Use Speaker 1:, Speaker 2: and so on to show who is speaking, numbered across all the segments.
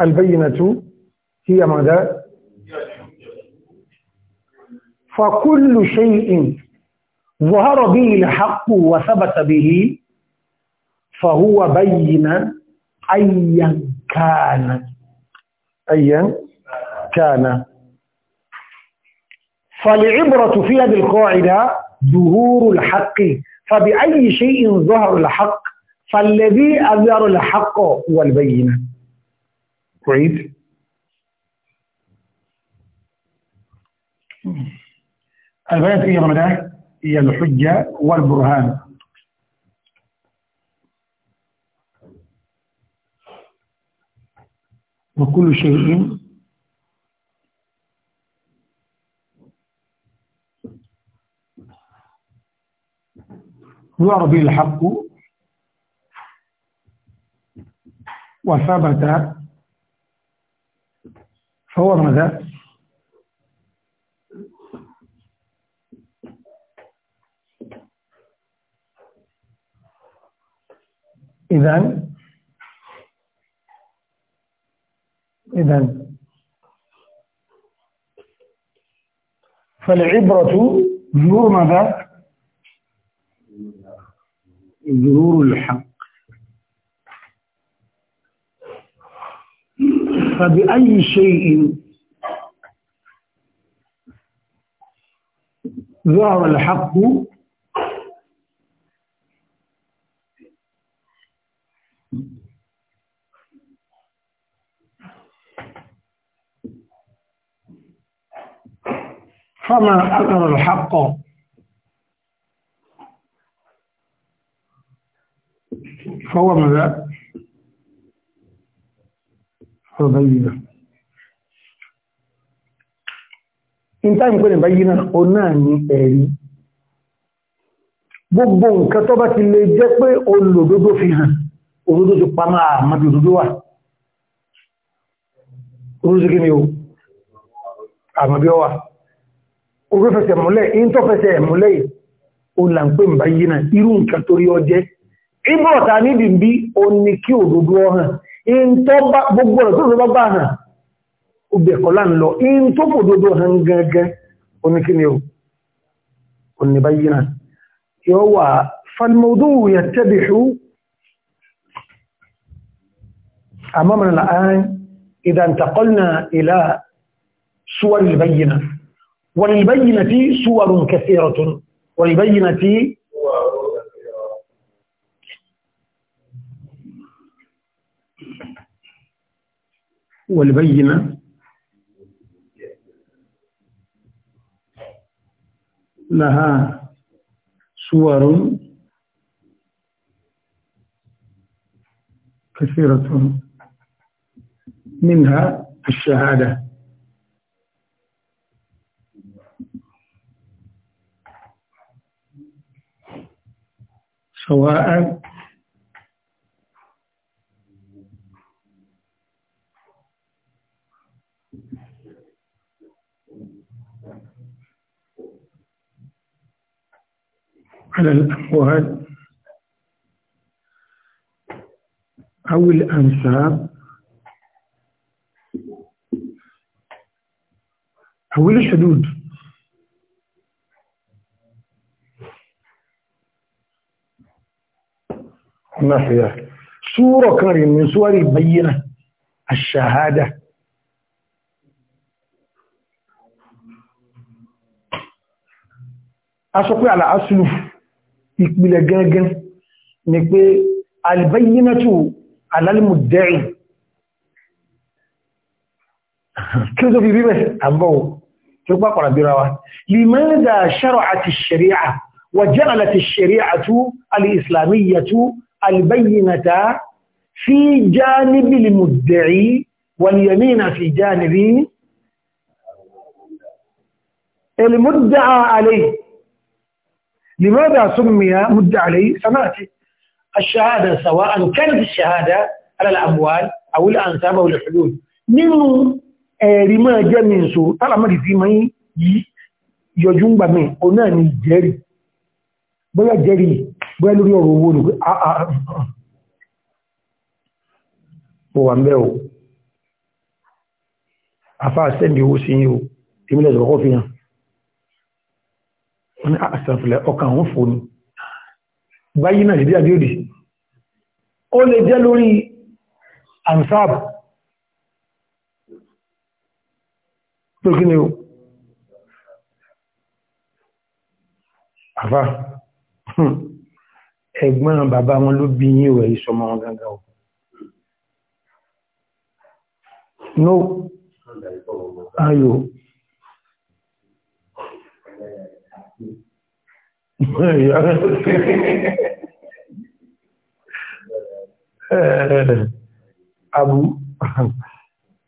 Speaker 1: البينة هي ماذا فكل شيء ظهر به الحق وثبت به فهو بين أيا كان أيا كان فالعبرة في هذه القاعدة ظهور الحق فبأي شيء ظهر الحق فالذي أظهر الحق هو البينة Great. البيان هي رمضان هي الحجة والبرهان وكل شيء يعرف به الحق وثبت فهو ماذا إذا إذا فالعبرة ظهور ماذا ظهور الحق فبأي شيء ظهر الحق فما أثر الحق فهو ماذا؟ ọ̀bẹ̀yìnà in táìmù pẹ̀lẹ̀ báyìnà o náà ní ẹ̀rí gbogbo nǹkan tó bá ti lè jẹ́ pé olódodo fi hàn olódodo ti pa máa mọ́dé òdodo wà olódodo kí ni o àmàbí ọwà orí fẹsẹ̀ múlẹ̀ in tó fẹsẹ̀ múlẹ̀ o là ń pè ń báyìnà irú nǹkan torí ọjẹ́ ibọ̀ ta níbi bí o ní kí òdodo ọ̀hàn ìntọ́ gbogbo rẹ̀ tó lọ́gbà hàn obì ẹ̀kọ́ láà ń lọ ìntọ́ bòdodo hàn gẹ́gẹ́ oníkíni o oníbáyìí náà yóò wà falmọ́dó yẹ tẹ́bi ṣú أمامنا الآن إذا انتقلنا إلى صور البينة وللبينة صور كثيرة والبينة والبينة لها صور كثيرة منها الشهادة سواء على الأموال أو الأنساب أو الحدود فيها سورة كريم من سور البينة الشهادة أسوقي على أصله ìpìlẹ̀ gangan ni pé albayyinatu alalmudda'i kí ló fi rí bẹ̀ àbọ̀wò tí ó pàpàrà bíra wa limadha shara'ati shari'a wa ja'alati shari'atu al-islamiyyatu albayyinata fi janibi al-mudda'i wal yamina fi janibi al لماذا سمي مد عليه سمعتي الشهادة سواء كانت الشهادة على الأموال أو الأنساب أو الحدود nínú ẹ̀rí máa jẹ́ mi ìṣò tálàmọ́dì fi máa yí yọjú ń gbà mí o náà ni jẹ́rì bóyá jẹ́rì bóyá lórí ọ̀rọ̀ owó nìkú o wà mẹ́ o afá sẹ́ndì owó sí yí o èmi lẹ́sọ̀kọ́ fi hàn ní àṣàfilẹ̀ ah, ọkàn àwọn fò ní báyí náà ìdí àbíòdì ó lè jẹ́ lórí ansab tó kí ni o àfá ẹgbọ́n bàbá wọn ló bí yín ìwẹ̀ ìṣọmọ wọn gangan o no ayo abu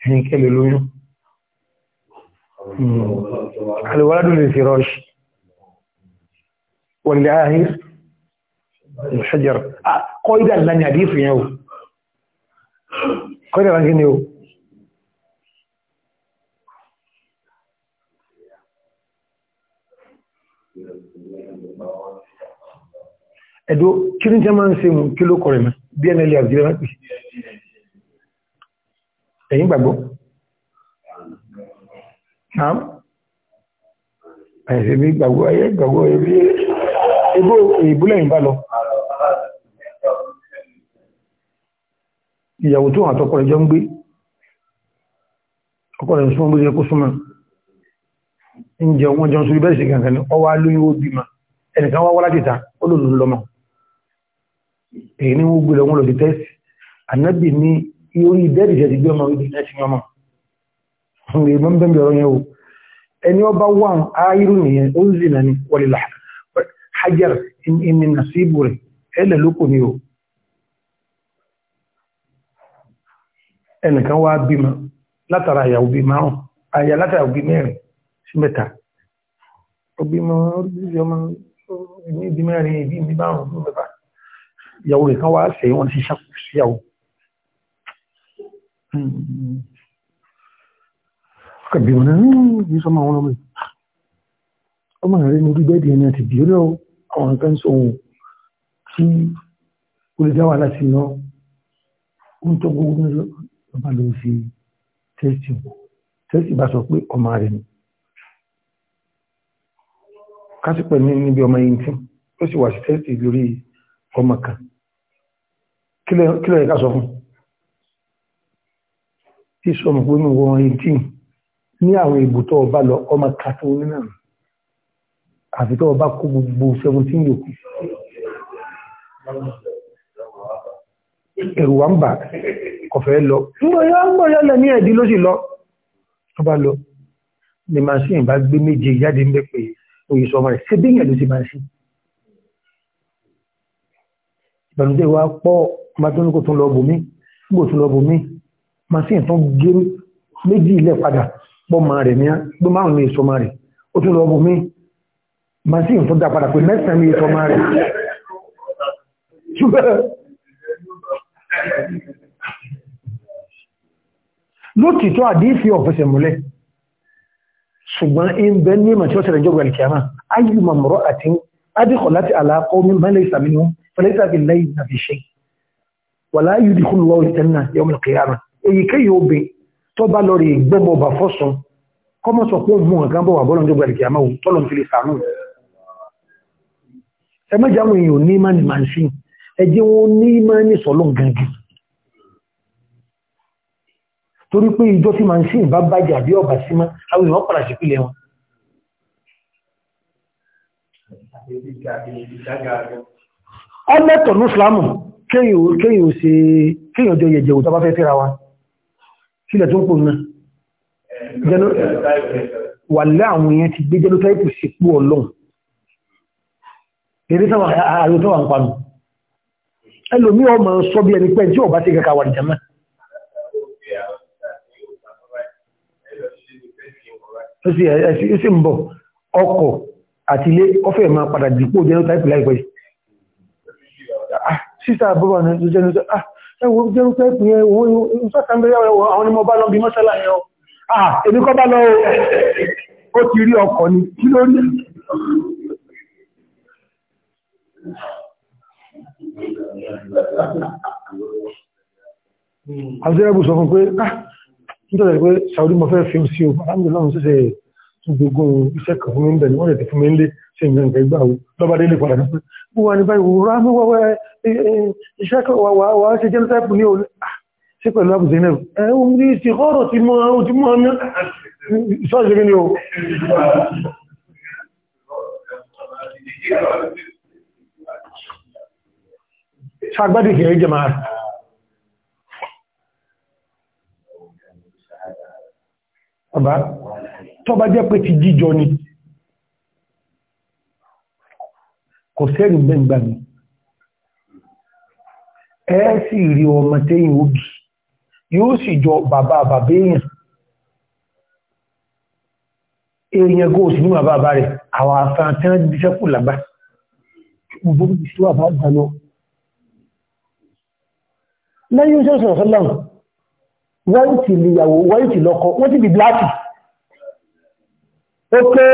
Speaker 1: ẹ̀yìn kẹlẹ̀ lóyún alìwọ́ládù lè fi rọ́ṣì wọ́n lè áhí ìṣẹ́jẹ̀rọ̀ kọ́ ìdá ìlànà àdífì yẹn o kọ́ ìdá ìlànà ẹ̀dọ́ kí ní jẹ́mọ́ ń se mú kí ló kọrẹ̀ mẹ́ bnl àbújẹ́ wọ́n pè ẹ̀yìn gbàgbọ́ náà àìsẹ̀ bí gbàgbọ́ ayé gbàgbọ́ ebí ebó ìbúlẹ̀ yìí bá lọ ìyàwó tó hàn tọkọ rẹ̀ jọ ń gbé ọkọ rẹ̀ ń súnmọ́ bó kó súnmọ́ ń jẹun wọn jọ ń sórí bẹ́ẹ̀ sí gangan ni ọwọ́ alóyún ó bímọ ẹnìkan wá wá èyí ni wọ́n gbé lọ wọ́n lọ sí tẹ́sì ànábì ní orí ìdẹ́rì ṣe ti gbé ọmọ ibi náà ti yọmọ ọmọ ìmọ̀ ń bẹ̀mẹ̀ ọ̀rọ̀ yẹn o ẹni ọba wà áyírù nìyẹn ó ń zìnà ní wọlélà hajar ìní nàṣíbù rẹ̀ ẹlẹ̀ lóko ni o ẹnìkan wá bímọ látara àyàwó bíi márùn àyà látara bíi mẹ́rin sí mẹ́ta òbí mọ́ orí ọmọ ìbí mẹ́rin ìbí márùn-ún mẹ́fà ìyàwó rẹ̀ kan wá ṣe wọ́n ti ṣàkó síyàwó kàbí wọn náà ní hmm, sọmọ àwọn ọmọ ọmọ rẹ̀ ní orí bẹ́ẹ̀dì ẹni àti bí orí àwọn nǹkan sọ ohun tí ó lè dá wà láti lọ ń tọ́ gbogbo ní ọba ló fi tẹ́sì tẹ́sì bá sọ pé ọmọ rẹ̀ ni kásìpẹ̀ ní níbi ọmọ yìí tí ó sì wà sí tẹ́sì lórí ọmọ kan kílọ̀ ẹ̀ká sọ fún tí sọ mọ̀ pé mọ̀ wọ́n 18 ní àwọn ìbò tó ọba lọ ọmọ kàtó nínà àfi tó ọba kó gbogbo 17 yòókù ẹ̀rù wa ń bà kọfẹ́ lọ ńgbọ̀yọ́ ńgbọ̀yọ́ lẹ ní ẹ̀dí ló sì lọ ọba lọ ni màá sì bá gbé méje jáde ń bẹ́ pé òye sọ rẹ̀ ṣe bí ìyẹn ló ti máa ṣe ìbànújẹ́ wa pọ̀ máa tó ní kò tún lọ bòmí nígbò tún lọ bòmí máa sì tún gé méjì ilẹ̀ padà pọ̀ máa rẹ̀ ní pé márùn-ún èso máa rẹ̀ ó tún lọ bòmí máa sì tún dá padà pé mẹ́sàn-án èso máa rẹ̀ lótìtọ́ àdífì ọ̀fẹ́sẹ̀ múlẹ̀ ṣùgbọ́n in bẹ ní ìmọ̀ tí ó ṣẹlẹ̀ jọ́gbẹ̀lì kìáma ayyùmọ̀ mọ̀rọ̀ àti adìkọ̀ láti àlàkọ́ mi máa lẹ́yìn sàmínú fẹ́lẹ́sà fi lẹ́yìn náà fi ṣe wàlá yìí dìkún lọ́wọ́ ìtẹ́nà yọmọ kìyàmà èyíkéyìí obè tó bá lọ rí gbọ́bọ̀ bà fọ́sùn kọ́mọ̀ sọ pé òun nǹkan bọ̀ wà bọ́lọ̀ tó gbẹ̀rẹ̀ kìyàmà òun tọ́lọ̀ fi lè sàánù ẹ mẹ́jà àwọn èèyàn ní ìmánì máa ń sí máa ń sí ìbá bàjẹ́ àbí ọ̀bà símá àwọn èèyàn padà wọn ọlẹ́tọ̀ ní islamu kéyìn ò ṣe kéyìn ọjọ́ yẹ̀jẹ̀ òtọ́ bá fẹ́ fẹ́ra wa sílẹ̀ tó ń pò náà wà lẹ́ àwọn èèyàn ti gbé jẹ́lótáìpù sípò ọlọ́run eré sáwọn ààrẹ tó wà ń panu ẹlòmí ọmọ sọ bí ẹni pẹ́ tí ọba sí kẹka wà ní jẹ́mọ́ ó sì ń bọ̀ ọkọ̀ àti ilé ọfẹ́ ma padà dìpò genotype láìpẹ́ sísá bọ́bá ní ọjọ́ genotype ah, ẹwọ genotype yẹn owó ìsọ́tàmbẹ̀rẹ̀ àwọn ọmọ bá lọ bí mọ́sálà yẹn ọ ah èmi kọ́ bá lọ ó ti rí ọkọ̀ ni kí ló rí àti ẹ̀bù sọ fún pé ah nítorí pé Saudi mo fẹ́ fi sí o bàbá mi lọ́run ṣẹ̀ṣẹ̀ gbogbo iṣẹ́ kan fún mi ń bẹ̀ ni wọ́n lè ti fún mi ń lé ṣe nǹkan nǹkan ìgbà wo lọ́ba délé padà ní pé bó wà ní báyìí wòrán mú wọ́wọ́ iṣẹ́ kan wà wà ṣe jẹ́ lọ́tàpù ní òun ṣe pẹ̀lú Abu Zainab ẹ̀ ń rí sí ọ̀rọ̀ tí mo ń tí mo ń sọ́ọ̀ṣì mi ni o. ṣàgbádìí kìí jẹ máa Baba tó bá jẹ́ pé ti jíjọ ni kò sẹ́rì gbẹ̀ngbà mi ẹ sì rí ọmọ tẹ́yìn òbí yóò sì jọ bàbá bàbá èèyàn èèyàn kó sì ní bàbá bàbá rẹ̀ àwọn afẹ́ tí wọ́n bí sẹ́kù lágbá lẹ́yìn ìṣẹ́sọ̀rọ̀ sọ́lọ́run wọ́n ti lè yàwó wọ́n ti lọ́kọ wọ́n ti di bláàkì ó pé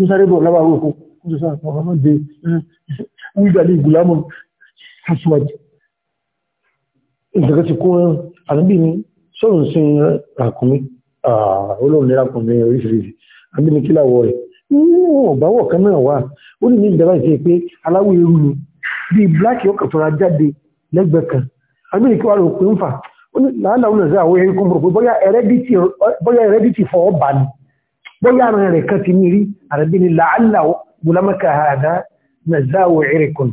Speaker 1: nísàrébọ̀ lábàá òkú kúrò sáà ọmọ dé eh, wíjàlì ìgbìlámọ̀ aṣíwájú ìgbẹ̀rẹ̀ ti kún àdúgbì ní sọ́rùn sí ràkúnmí olóòrùn ní ràkúnmí oríṣiríṣi àdúgbì ní kíláwọ̀ rẹ̀ wọ́n bá wọ̀ kan náà wà ó ní ìjọba ìṣe ní kí wàá pé ń bóyá àrùn rẹ̀ kan ti ní rí àrẹ̀bí ni làálà gbùlámẹ́kà àdá nàzáwò ẹ̀rẹ̀kùn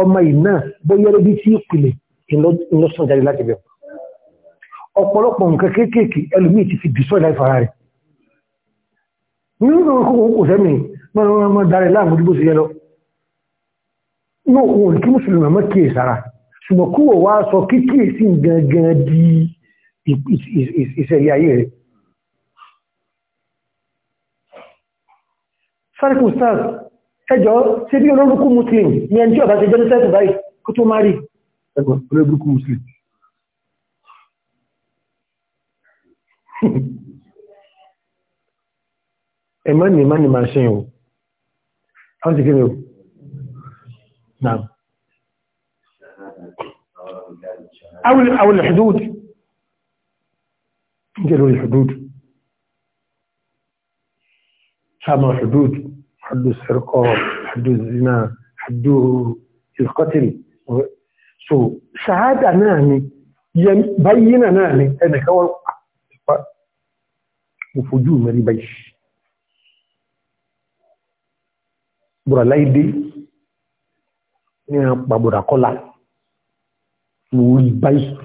Speaker 1: ọmọ iná bóyá lóbi tí ìpìlẹ̀ ìlọsàn jáde láti bẹ̀. ọ̀pọ̀lọpọ̀ nǹkan kéékèèké ẹlòmíì ti fi dìsọ́ ìlà ìfara rẹ̀. nínú kókò sáré kù stars ẹjọ́ ṣe bí olórúkú muslim ní ẹni tí ọba ṣe jẹ́ nítẹ́sù báyìí kó tó máa rí ẹgbọ́n olórúkú muslim ẹ̀mọ́ ni má ni máa ṣe yàn o wọ́n ti kéré o náà awul hudud ń jẹ́ lórí hudud sáàmù hudud حد السرقة حد الزنا حد القتل so شهادة náà يبين báyínà أنا ni ẹnìkan wọ́n pa mo fojú mẹ́rin báyìí bùrà láìdé ní àpà bùrà kọ́lá mo rí báyìí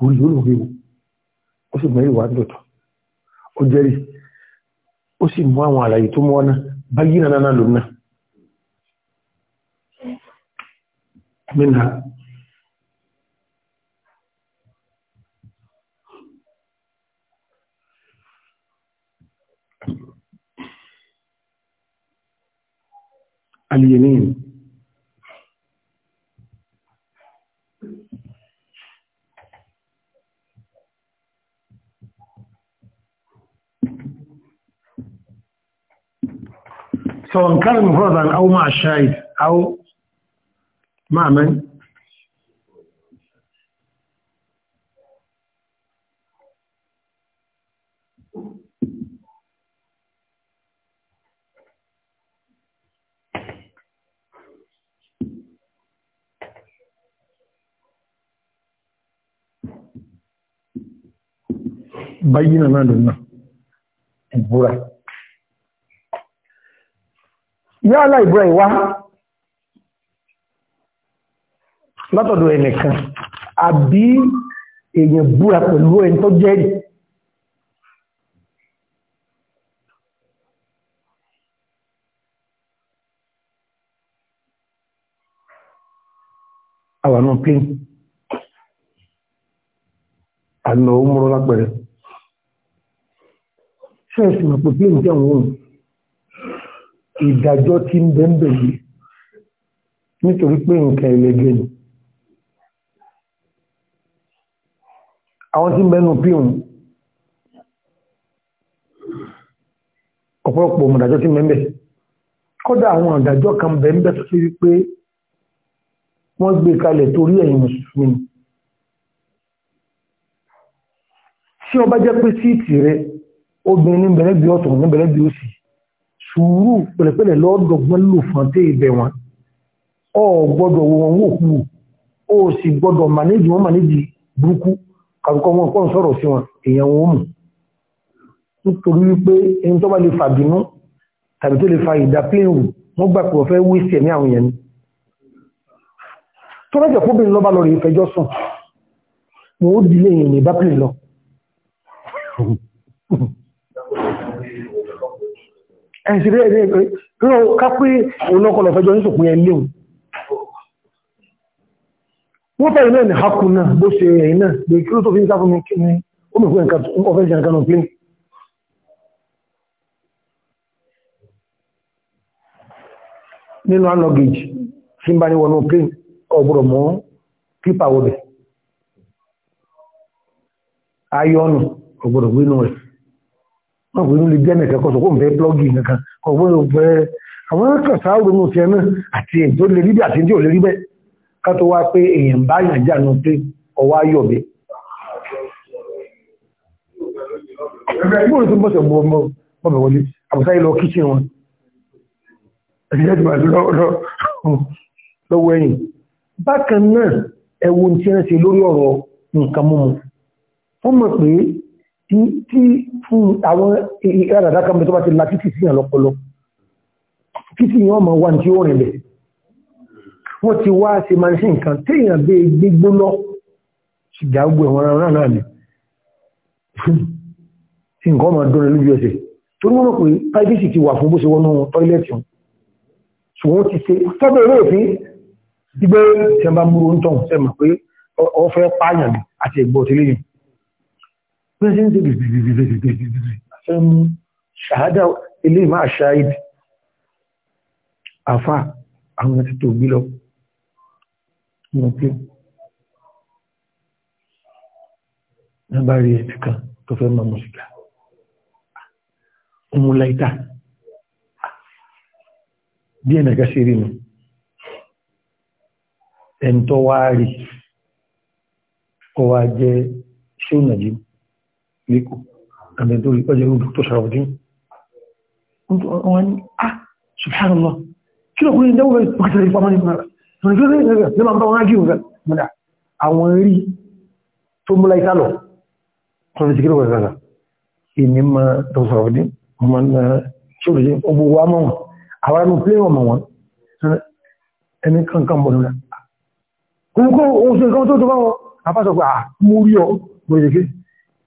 Speaker 1: wo ó sì mẹ́rin wà ń dọ̀tọ̀ ó jẹ́rìí ó sì mú àwọn àlàyé tó mọ́ náà بين لنا لبنى منها اليمين سواء كان مفردا أو مع الشاهد أو مع من بين ما دونه البرة yálà Ibrahim wá látọ̀dọ̀ ẹnìkan àbí èèyàn búra pẹ̀lú ẹni tó jẹ́rìí àwọn náà pín àlọ́ òmúrọ́ lágbẹ̀rẹ̀ ṣẹ́ẹ̀sì mọ̀ pé pín jẹ́ òun ìdájọ́ tí ń bẹ́ẹ̀bẹ̀ yìí nítorí pé nǹkan ẹlẹ́gẹ́ ni àwọn tí ń bẹ́nu píhùn ọ̀pọ̀lọpọ̀ mọ̀dájọ́ tí mẹ́mẹ́ kọ́dá àwọn àdájọ́ kan bẹ̀m̀bẹ̀ tó sí wípé wọ́n gbé kalẹ̀ torí ẹ̀yin mùsùlùmí tí ó bá jẹ́ pé síìtì rẹ obìnrin ní bẹ̀rẹ̀ bí ọ̀tún ní bẹ̀rẹ̀ bí òsì sùúrù pẹ̀lẹ́pẹ̀lẹ́ lọ́dọ̀gbọ́n lò fún tẹ́ ibẹ̀ wọn ọ gbọ́dọ̀ wọ wọn wòkú ó sì gbọ́dọ̀ mànéjì wọn mànéjì burúkú kàrùkọ wọn kọ́ sọ̀rọ̀ sí wọn èèyàn wọn mú nítorí wípé ẹni tó bá lè fà bínú tàbí tó lè fa ìdápéèrù wọn gbà pé ọ̀fẹ́ wí sí ẹ̀mí àwọn yẹn ni tó lọ́jọ́ kóbìnrin lọ́ba lọ rèé fẹjọ́ sùn wọn ó dilé èèyàn ní ìbápẹ́lẹ̀ lọ ẹ̀sìn rẹ̀ rẹ̀ rẹ̀ ká pé olókọ̀lọ̀ fẹjọ́ nísòpin ẹ léwu wọ́n fẹ́ iná ní hakun náà bó ṣe ẹ̀yìn náà lè kí ló tó fi ń sáfún mi kí ni ó mọ̀ fún ẹ̀ka ọ̀fẹ́ ìṣẹ̀lẹ̀ kan ọ̀pẹ́ nínú anọ́gèjì tí ń bá ní wọnú plane ọ̀gbọ̀rọ̀ mọ́ pípa wọlé ayọ́nù ọ̀gbọ̀rọ̀ gbénú rẹ̀ wọn kò ní lè jẹ́ nìkan kọsọ̀ kó n fẹ́ plọ́gì nìkan kọ̀wé ò fẹ́ àwọn kan sáárò nù tiẹ̀ náà àti èyí tó lè rí bẹ́ẹ̀ àti èyí tí ò lè rí bẹ́ẹ̀ ká tó wá pé èèyàn bá yàn jà nù pé ọwọ́ ayọ̀ bẹ́ẹ̀. bóòlù tó ń bọ̀sẹ̀ bọ̀ bọ̀ wọlé àbùsáyé lọ kíṣìn wọn ẹ̀jẹ̀ tó máa lọ́wọ́ ẹ̀yìn bákan náà ẹ̀wọ̀n tí wọ́n ṣe lórí ọ̀rọ̀ nǹkan mímu wọ́n mọ̀ pé tí àwọn ìrádàdá kan bẹ tó bá ti la títì sí yàn lọ́pọlọ títì yàn ọmọ wa tí ó rìn bẹ̀ wọ́n ti wá ṣe máa ṣe nǹkan téèyàn bẹ gbégbó lọ ṣìgá ẹ̀wọ̀n ara náà ni nǹkan ọmọ dúró lójú ẹsẹ̀ tó ní wọ́n rò pé privacy ti wà fún bó ṣe wọnú tọ́ílẹ̀tì wọn ṣùgbọ́n ti ṣe tọ́bẹ̀ eré òfin gbígbé ṣẹ̀mbá bí wọ́n ṣe ń ṣe gbègbègbègbègbè àfẹ́ mú ṣàhádà ilé máa ṣáìdì àfà àwọn ti tó gbí lọ mọ̀pé nígbà rí ẹ̀tì kan tó fẹ́ máa mọ̀síkà múláìtà lẹ́kọ̀ọ́ àbẹ̀ tó rí ọjọ́ ìrúdù tó sàrọ̀dín wọ́n ni ah subhanallah kí lọ́kùn ní dáwọ́ pàtàkì pàmọ́ ní mara wọ́n ni fẹ́rẹ̀ ní ma ń bá wọn ágí òun mọ́dá àwọn rí tó múlá ìtàlọ̀ wọ́n ni síkírò kàkàkà ìní ma tó sàrọ̀dín ọmọ ṣòròjẹ́ ọgbọ̀ wa mọ́ wọn àwọn ẹnu pé wọn mọ́ wọn ẹni kankan bọ̀ nílá kò kó oṣù kan tó tó bá wọn apá sọ pé ah mo rí ọ mo rí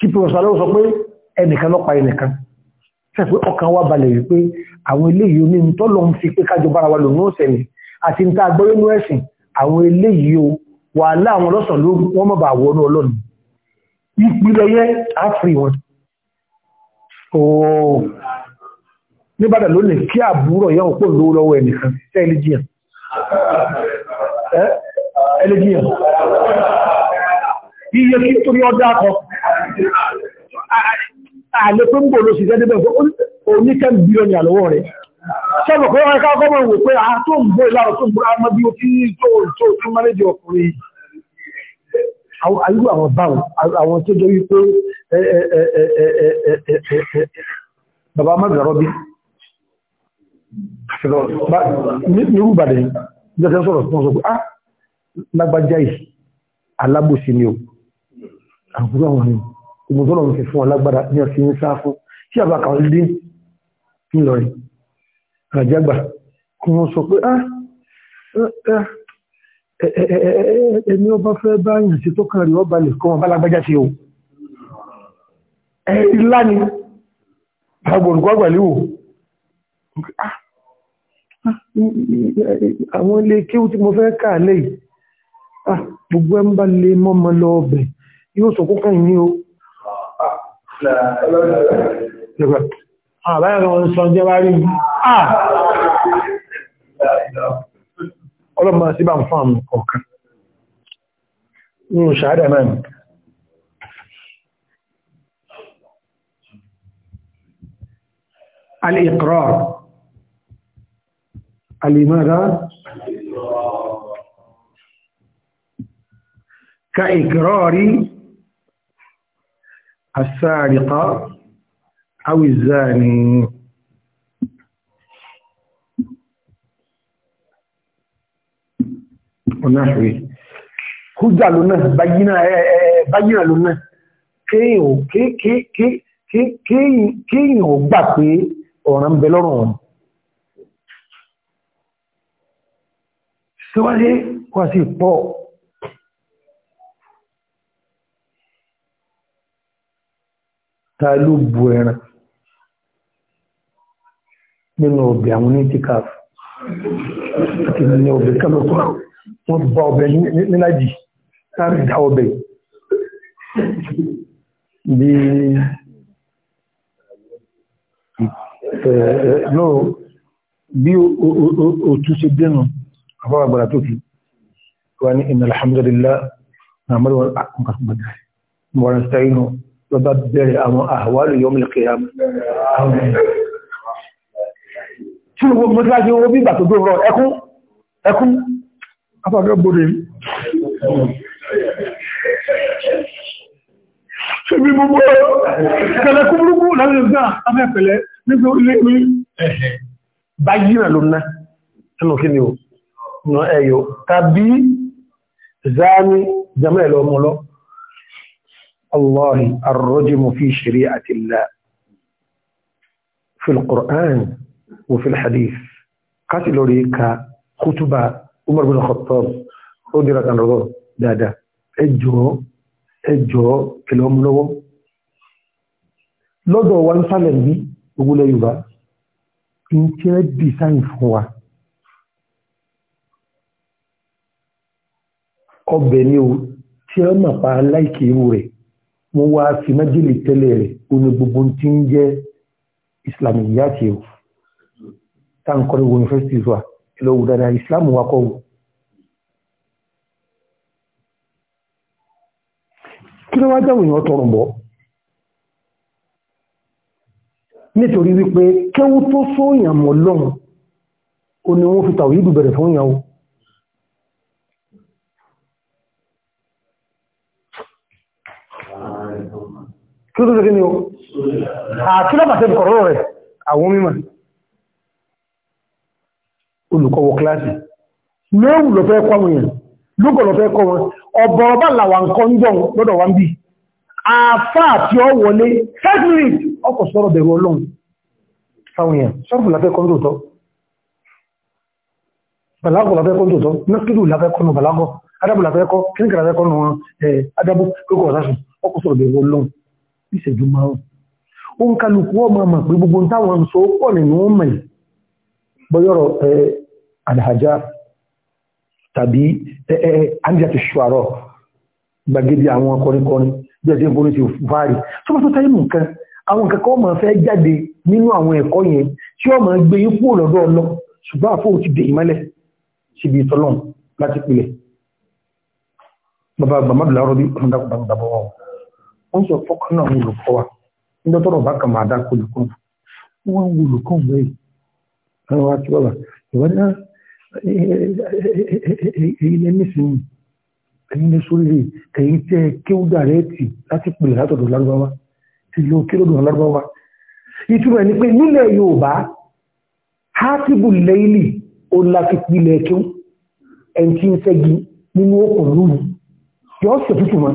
Speaker 1: kí pọ̀sọ̀ alẹ́ sọ pé ẹnìkan lọ́pa ẹnìkan fẹ́fẹ́ ọkàn wa balẹ̀ wípé àwọn eléyìí omi ń tọ́lọ ń fi pé kájọ bára wa lòun ó sẹ̀lẹ̀ àti ń tá agbọ́rẹ́ inú ẹ̀sìn àwọn eléyìí o wà láwọn lọ́sàn ló wọ́n mọ̀ bá wọnú ọlọ́run ìpìlẹ̀ yẹ áfírí wọn ooo níbàdàn lónìí kí àbúrò yẹn òpó lówó lọ́wọ́ ẹnìkan ṣe ẹlẹ́jìyàn ẹlẹ́jìyàn iye kí torí ọdá kan àlè pé ń bò ló ṣiṣẹ́ níbẹ̀ oníkẹ́ bílíọ̀nì àlọ́wọ́ rẹ̀ ṣẹ́bọ̀ pé wọ́n káàkọ́ mọ̀ wò pé a tó ń bó ìlàrọ̀ tó ń bó àmọ́ bí o ti tó tó tó mánéjì ọkùnrin ayúgbò àwọn báwọn àwọn tó jẹ́ wípé bàbá mọ́gbàrọ́ bí nírú ìbàdàn jẹ́ sọ́rọ̀ tó ń sọ pé ah lágbájá yìí alábòsí ni o àbúrò àwọn ni ìgbòtọ́nà ń fi fún alágbára ní ọ̀sìn ń sá fún tí àbá kan lé ńlọrin àjágbà kí wọ́n sọ pé ah, ah, ah, ẹni ọba fẹ́ bá yàn sí tó kàn rí ọba lè kọ́ wọn bá lágbájá sí o ẹ̀rí láni agbòrùkọ́ àgbàlíwò àwọn ilé kíwù tí mo fẹ́ kà lẹ́yìn gbogbo ẹ̀ ń bá lè mọ́ mọ́ lọ ọbẹ̀ yóò sọ kókàn ní o àbáyàrá wọn sọ jẹ́ wárí àà ọlọ́mọ sí bá ń fún àmì ọ̀kan ní òṣàádà náà al-iqrar al-imara ka iqrari السارقة أو الزاني ونحوه kújà lónà báyìnà lónà kéèyàn ò gbà pé ọ̀ràn bẹ lọ́rùn ọ̀rùn síwáyé kọ́ sí pọ̀ ta ló bu ẹran nínú ọbẹ̀ àwọn onítíkàf àti nínú ọbẹ̀ kálọ́pọ̀ wọ́n bá ọbẹ̀ níláàjì láti dá ọbẹ̀ bí náà bí òtú ṣe dínà àfáwà gbàrà tó kí wà ní innal hamdulillah na mọ́rin wọn àkùnkà mọ́rin stẹ́yìn náà ló bá bẹ̀rẹ̀ àwọn àwárí yọmọ ìkẹyàmù tí ó mọ́ síláṣí owó bí ìgbà tó gbọ́ ẹkún ẹkún afọ́gbẹ́ gbòrè ṣe bí gbogbo kẹlẹ̀ kú burúkú láti ọjọ́ afẹ́fẹ́lẹ́ nítorí ilé mi zani jama ẹ̀lọ ọmọ lọ́wọ́ الله الرجم في شريعة الله في القرآن وفي الحديث قاتل ريكا خطبة عمر بن الخطاب رضي الله عنه دادا ẹjọ́ ẹjọ́ kìlọ̀ mú lọ́wọ́ lọ́dọ̀ wa ń sálẹ̀ ní ogúnlẹ̀ yorùbá ń jẹ́ dìsáìn fún wa ọbẹ̀ ni o tí ọ mọ̀ pa láìkì irú rẹ̀ wọ́n wá fi májèlé tẹ́lẹ̀ rẹ̀ ó ní gbogbo tí ń jẹ́ islam ìyá tí ó táǹkọ́rí wo university wa ìlọ́wù dáadáa islam wa kọ́ wò. kí ló wá jáwé yẹn tọrọ bọ́ nítorí wípé kéwú tó sóyàn mọ́ lọ́hùn ó ní wọ́n fi tàwí ìdúbẹ̀rẹ̀ fún yàn o. kí ló tó kí ni o àkílọ́pàá ah, tẹ́ kọ̀rọ̀ rẹ̀ àwọn mímọ̀ olùkọ́wọ́ kíláàsì lóòrùn lọ fẹ́ kọ́ wọ̀nyẹn lóòrùn lọ fẹ́ kọ́ wọn ọ̀bọ̀ ọba làwà nǹkan jọ lọ́dọ̀ wa ń bí àfá àti ọ wọlé fẹ́kìrì ọkọ̀ sọ̀rọ̀ bẹ̀rù ọlọ́run fáwọn èèyàn sọ́rọ̀ làfẹ́ kọ́ tòótọ́ bàlágọ̀ làfẹ́ kọ́ tòótọ́ mẹ́kìrì làfẹ́ kọ́ nù bàlágọ̀ adábù làfẹ́ kọ́ kíníkà làfẹ́ kọ́ nù eh, adabu kókò ọ̀sásùn ọkọ̀ sọ̀rọ̀ bẹ̀rù ọlọ́run ìṣẹ́jú márùn ó ń kálukú ọmọ ọmọ pé gbogbo táwọn sọ pọ̀ nínú ọmọ yìí bọ́yọ̀rọ̀ alhaja tàbí andiatu shuaro gbàgede àwọn kọrinkọrin bí ẹ̀sìn borí ti fàárì tó bá tó táyé mú nǹkan àwọn nǹkan kan máa fẹ́ jáde nínú àwọn ẹ̀kọ́ yẹn tí ó máa gbé ipò lọ́dọ̀ ọlọ ṣùgbọ́n àfọ́ ti dè ìmọ́lẹ̀ síbi ìtọ́lọ́n láti pilẹ̀ bàbá àgbà mábìlá rọ́bí ọ̀dàkùnbàbọ̀ wọn wọ́n sọ fọ́kàn náà wọ́n olùkọ́ wa níjọ́ tọ́rọ̀ bá kàn máa dákọ̀ olùkọ́ wọn wọ́n olùkọ́ bẹ́ẹ̀ àwọn wa ti bàbà ìwọ́n náà èyí lè nísìnyí ẹ̀yin lè sórí rè kẹ̀yìn tẹ́ kéwú dàrẹ́ẹ̀tì láti pèlè látọ̀dọ̀ lárúbáwá ìlú kílódùn lárúbáwá ìtumọ̀ ni pé nílẹ̀ Yorùbá hátìbù lẹ́ìlì ó láti pílẹ̀ kéwú ẹ̀ǹtí ń sẹ́gi nínú òkùn lóru yọ́ sẹ̀tútù mọ́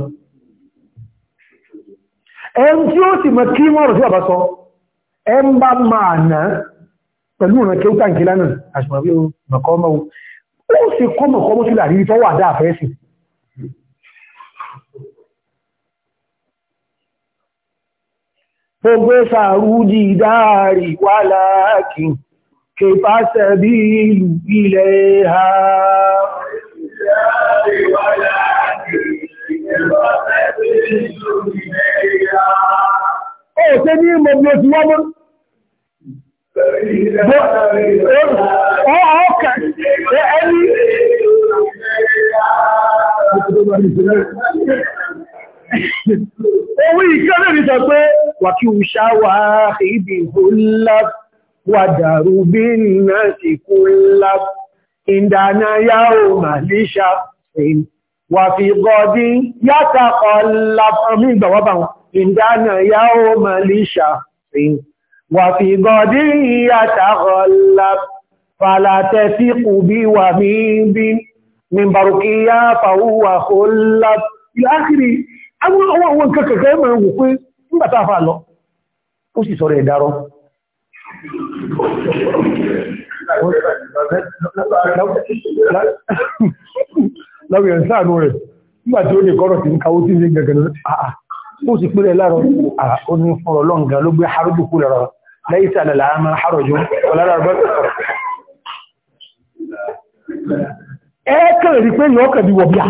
Speaker 1: ẹn tí ó sì mọ̀ kí mọ́rọ̀ sí àbásọ ẹn bá máa nà pẹ̀lú ìrìn kí ó tàǹkì lánà àṣùmọ̀bí mọ̀kọ́mọ́ ó sì kọ́ mọ̀kọ́mọ́ sí bí ìlú ilẹ̀ ha. Dáàrí wà láàkì, kèfàṣẹ̀ Ó ṣe ní mọ̀ bí o ti wọ́n mọ́. Ọkà ẹni. Owó ìkẹ́lẹ̀ ní sọ pé wà kí o ṣáwà ìbí ìhòlá wà dàrú bí náà sì kó ńlá. Ìdáná yá ò màlíṣà ẹ̀yìn wàfi gọ́dí yàtà ọlọ́pàá ìgbàwọ́bà ìdáná yàó malisha wàfi gọ́dí yàtà ọlọ́pàá fi kù bí wà ní bí mìbàrùkí yá fàúwà ọlọ́pàá ìlàkiri àwọn láwọn èèyàn sáànú rẹ̀ nígbà tí ó lè kọ́rọ̀ tí ń kawó tí ń lè gẹ̀gẹ̀ náà ah, ah. ó sì pínlẹ̀ láàrọ̀ ah, ó ní fún ọlọ́ǹgá ló gbé harúdù kú lọ́rọ̀ lẹ́yìn sàlẹ̀ láàmà harọ̀jọ́ ọlọ́rọ̀ ẹ kàn rí pé yọ kàn bí wọ̀ bíà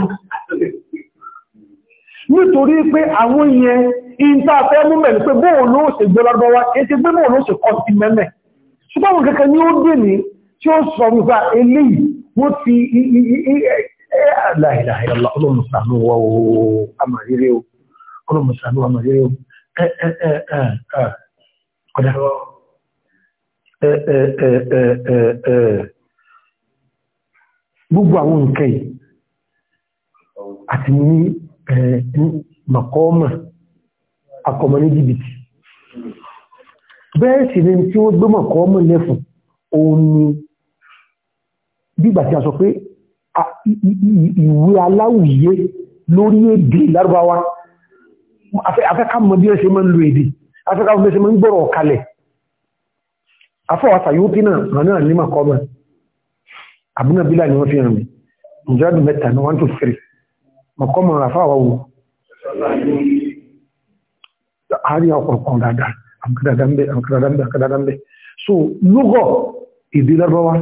Speaker 1: nítorí pé àwọn yẹn ìta fẹ́ mú mẹ́rin pé bóò ló ṣe gbé lọ́dọ́ wa kìí ṣe pé bóò ló ṣe kọ́ sí mẹ́mẹ́ ṣùgbọ́n kẹ́kẹ́ ni ó dè ní tí ó sọ nípa eléyìí wọ́n fi láìláì lọ́la ọlọ́mùsànú wọ́ àmàrírí o ọlọ́mùsànú àmàrírí o ọ̀dá gbogbo àwọn nǹkan yìí àti ní màkọ́ọ́mà akọmọ ní jìbìtì bẹ́ẹ̀ sì ni tí wọ́n gbé màkọ́ọ́mà lẹ́fùn òun ni bí ìgbà tí a sọ pé ìwé aláwùyé lórí èdè lárúbáwá afẹ́ká mọ̀ bí ẹ ṣe máa ń lo èdè afẹ́ká mọ̀ bí ẹ ṣe máa ń gbọ́rọ̀ kalẹ̀ afọ́wàsà yóò pín náà náà ní màkọ́mọ̀ àbúnàbílà ni wọ́n fi hàn mí ìjọ́dù mẹ́ta ní one two three màkọ́mọ̀ àfáwà wo àárín ọ̀pọ̀lọpọ̀ dáadáa àkàdàdà ń bẹ àkàdàdà ń bẹ àkàdàdà ń bẹ so lúgọ̀ èdè lárúbáwá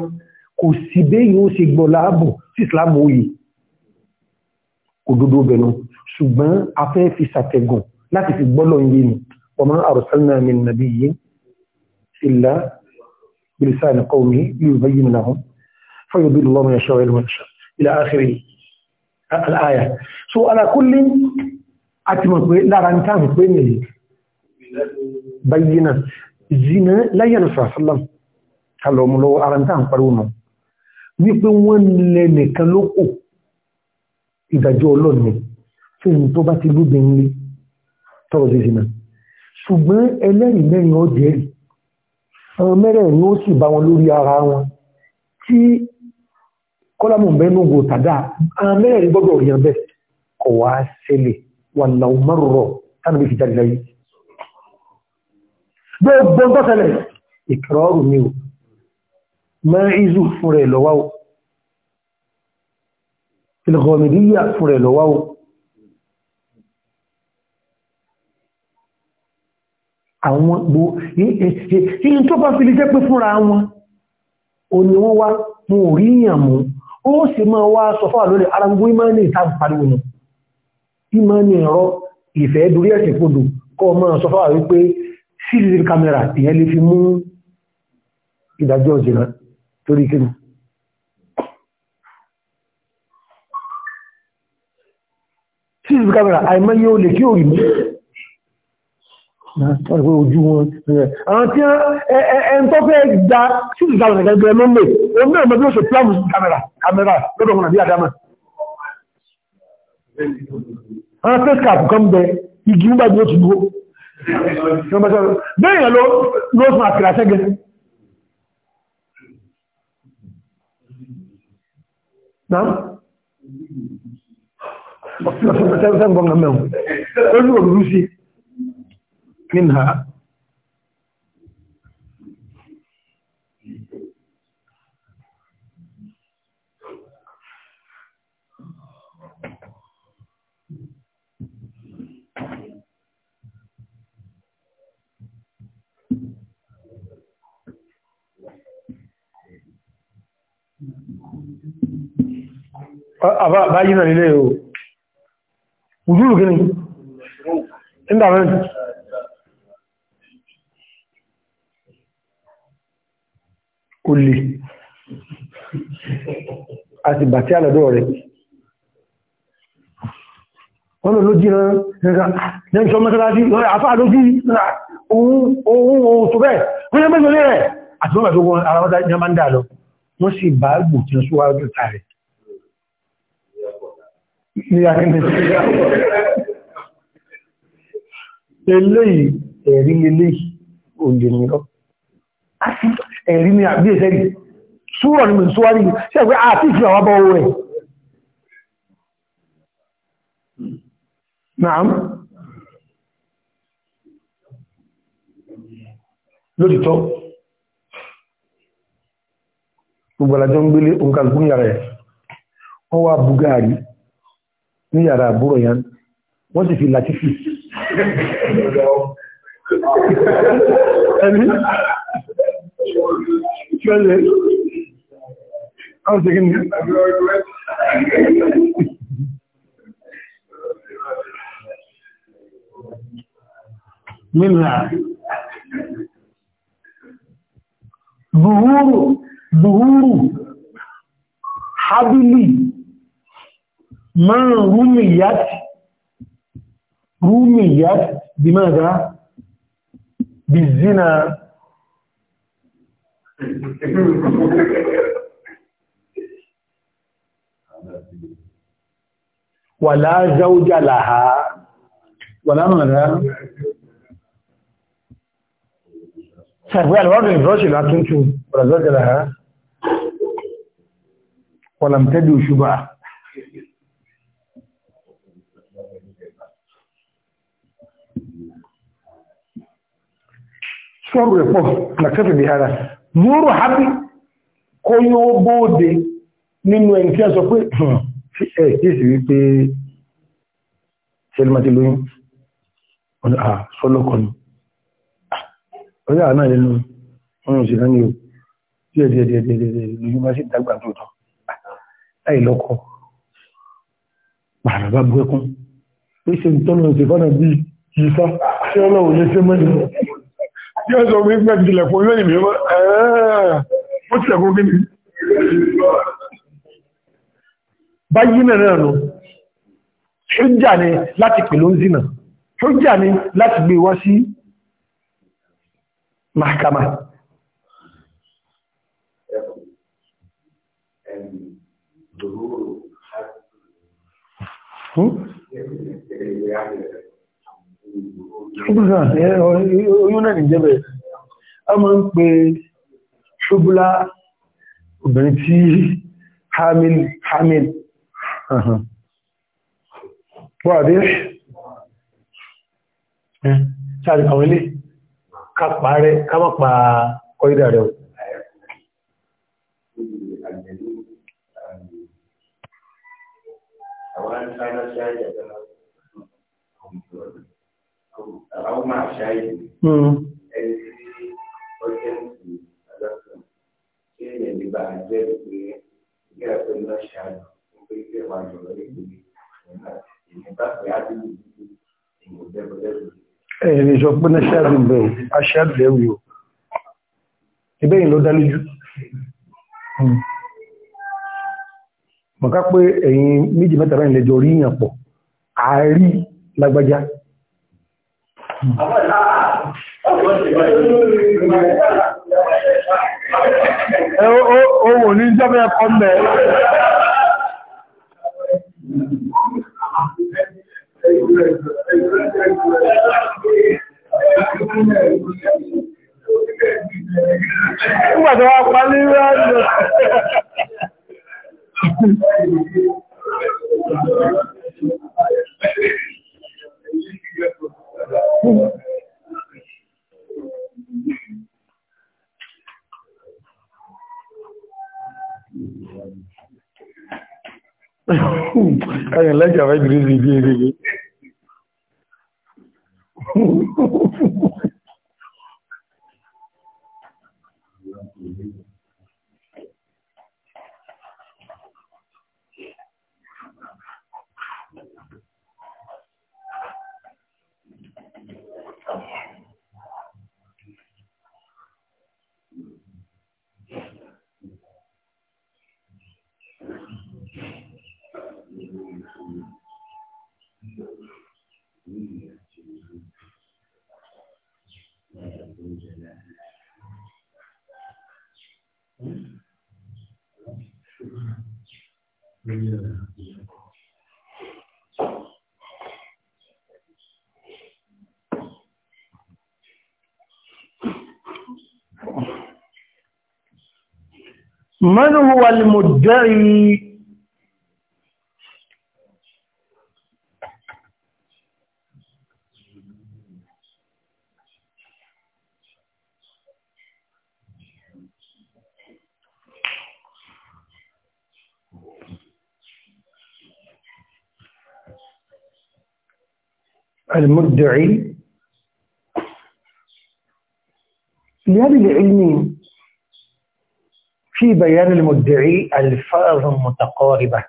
Speaker 1: kò sí bẹ́ẹ̀ yóò ṣe gbọ́ láàbò tí islam wòye òdodo bẹ̀nu ṣùgbọ́n a fẹ́ fi ṣàtẹ̀gùn láti fi gbọ́lọ̀ yé ni ọmọ àrùsánà mi nàbí yìí ìlà bìrìsà ní kọ́wé yóò bá yìí nìlànà fọ́yọ̀ bí lọ́mọ ẹ̀ṣọ́ ẹlẹ́wọ̀nṣọ́ ilẹ̀ wípé wọ́n lẹ nìkan lókò ìdájọ́ ọlọ́ni fún tó bá ti lóbin lé tọrọ jẹjì náà ṣùgbọ́n ẹlẹ́rìí mẹ́rin ó jẹ́rìí àwọn mẹ́rẹ̀ẹ̀rin ó sì bá wọn lórí ara wọn tí kọ́lámù mẹ́nugo tàdá àwọn mẹ́rẹ̀ẹ̀rin gbọ́dọ̀ rí ọbẹ̀ kọ̀ wá ṣẹlẹ̀ wà láwùmọ́rọ̀ tánàbí fi jáde láyé gbogbo ń tọ́sẹ̀lẹ̀ ìkìrọ̀rù mi ò mẹ́rìnzù fún rẹ̀ lọ́wọ́ ìlgọ̀mìdíyà fún rẹ̀ lọ́wọ́ àwọn gbò yìí tó bá fi lè jẹ́ pé fúnra wọn o ni wọ́n wá mú orí ìyàmú ó sì máa wá sọ fáwà lórí arangbó ìmáni ìta pariwo nù ìmáni ẹ̀rọ ìfẹ́ dúrí ẹ̀sìn fòdò kọ́ máa sọ fáwà wípé cctv camera ìyẹn lè fi mú ìdájọ́ jìnà torí kí ni sísù kámẹ́rà àìmọ́ yóò lè kí òrì mú ojú wọn àwọn tí ẹn tó fẹ́ gba sísù kámẹ́rà gẹ́gẹ́ ló lè omi ọmọ bí ó ṣe pláàmù sísù kámẹ́rà kámẹ́rà lọ́dọ̀ wọn àbí àdámà àwọn tẹ́sìkàpù kan bẹ igi nígbàgbé ó ti dúró bẹ́ẹ̀ yẹn ló sùn àkìrà sẹ́gẹ̀ẹ́ náà ọ̀sán gbọ́n mẹ́wọ̀n lórí òrùlú sí nínú báyí náà nílé o ojúrù gíní ìdàmẹ́ntì kò lè àti bàtí àlọ́dọ́ rẹ̀ wọ́n lọ lójí náà nígbà ní ṣọ́ mẹ́sàlájí lọ́rẹ̀ àfáà lójí ohun ohun tó bẹ́ẹ̀ wọ́n lẹ́ mẹ́sàn lé rẹ̀ àti wọ́n bẹ̀ tó wọ́n ara wọ́n dá ní ọmọ ń dà lọ wọ́n sì bá gbò tí ó súwájú tààrẹ̀ ní akíní eléyìí ẹ̀rí leléyìí òǹdè mìíràn ẹ̀rí ni àbí ẹ̀sẹ̀rí súrọ̀ ni mìí súwárí ṣẹ́gbẹ́ àti ìfihàn wá bọ́ owó rẹ̀ náà lóòtítọ́ gbogbo alájọ́ ń gbélé òǹkàlùkù yàrá ẹ̀ wọ́n wá bugari ní yàrá àbúrò yẹn wọ́n ti fi làtífì ẹni ṣẹlẹ̀ ọ́n tẹ́kí ní nínú Zuhuru, Zuhuru, Habili, من رميت رميت بماذا بالزنا ولا زوج لها ولا ماذا سيقول الوضع الفراشي لا تنتو ولا زوج لها ولم تدو شبعة sọ́rọ̀ rẹ̀ pọ̀ nàkẹ́fẹ̀ bí ara zúrù hábí kó yóò bóòdé nínú ẹni tí a sọ pé ẹ̀ kí sì wípé ṣẹlẹ̀mọ́tí lóyún ọ̀nà àṣọ́lọ́kọ̀ọ́nù ah, ọjọ́ àná nínú ọ̀rùn sí náà ni ó ah, díẹ̀ díẹ̀ díẹ̀ díẹ̀ díẹ̀ lóyún bá sì dàgbà tó tọ́ láì lọ́kọ pààrọ̀ bá bú ẹkún pé ṣe ń tọ́nà ìṣèfọ́nà bíi ìfá ṣé ọlọ́run lè ṣe mọ́ tí ó sọ pé pẹ́ ti tilẹ̀ fún lónìí mìíràn ó tilẹ̀ fún kí ni báyìí náà náà nù ṣójà ni láti pè ló ń zìnà ṣójà ni láti gbé wọ́n sí mahakama Hmm? oyún náà nìjẹ́bẹ̀ a máa ń pe ṣubúlá obìnrin tí hamil hamil wàbí ṣáàrí àwọn ilé kápá rẹ̀ kámọ́pàá kọ́ídà rẹ̀ àwọn máa ṣá ìlú ẹni tí ọjọ́ ìlú alọ́sàn ṣé èèyàn lè bá jẹ́ pé ìgbé àpò iná ṣáájú fún pé ìgbé wa jọ lórí ìgbé ìyẹn bá pé ádùúgbò ìlú ìmọ̀ dẹ́gbẹ́dẹ́gbẹ́. ẹ̀rìn sọ pé náà ṣáájú bẹ́ẹ̀ o aṣáájú ẹ̀ wí o ẹbẹ́ yìí ló dá hmm. mọ̀ká pé ẹ̀yin méjì mẹ́ta báyìí lẹ́jọ́ rí yàn pọ̀ àárí lágbájá Owò ní jẹ́bẹ̀ ẹ̀kọ́ mẹ́. Nígbàtí wá pa ní rẹ́rẹ́ Thank you ẹ̀yìn lẹ́jọ̀ fẹ́ gírí sí bí eré Thank you. من هو المدعي المدعي لهذه العلمين في بيان المدعي ألفاظ متقاربة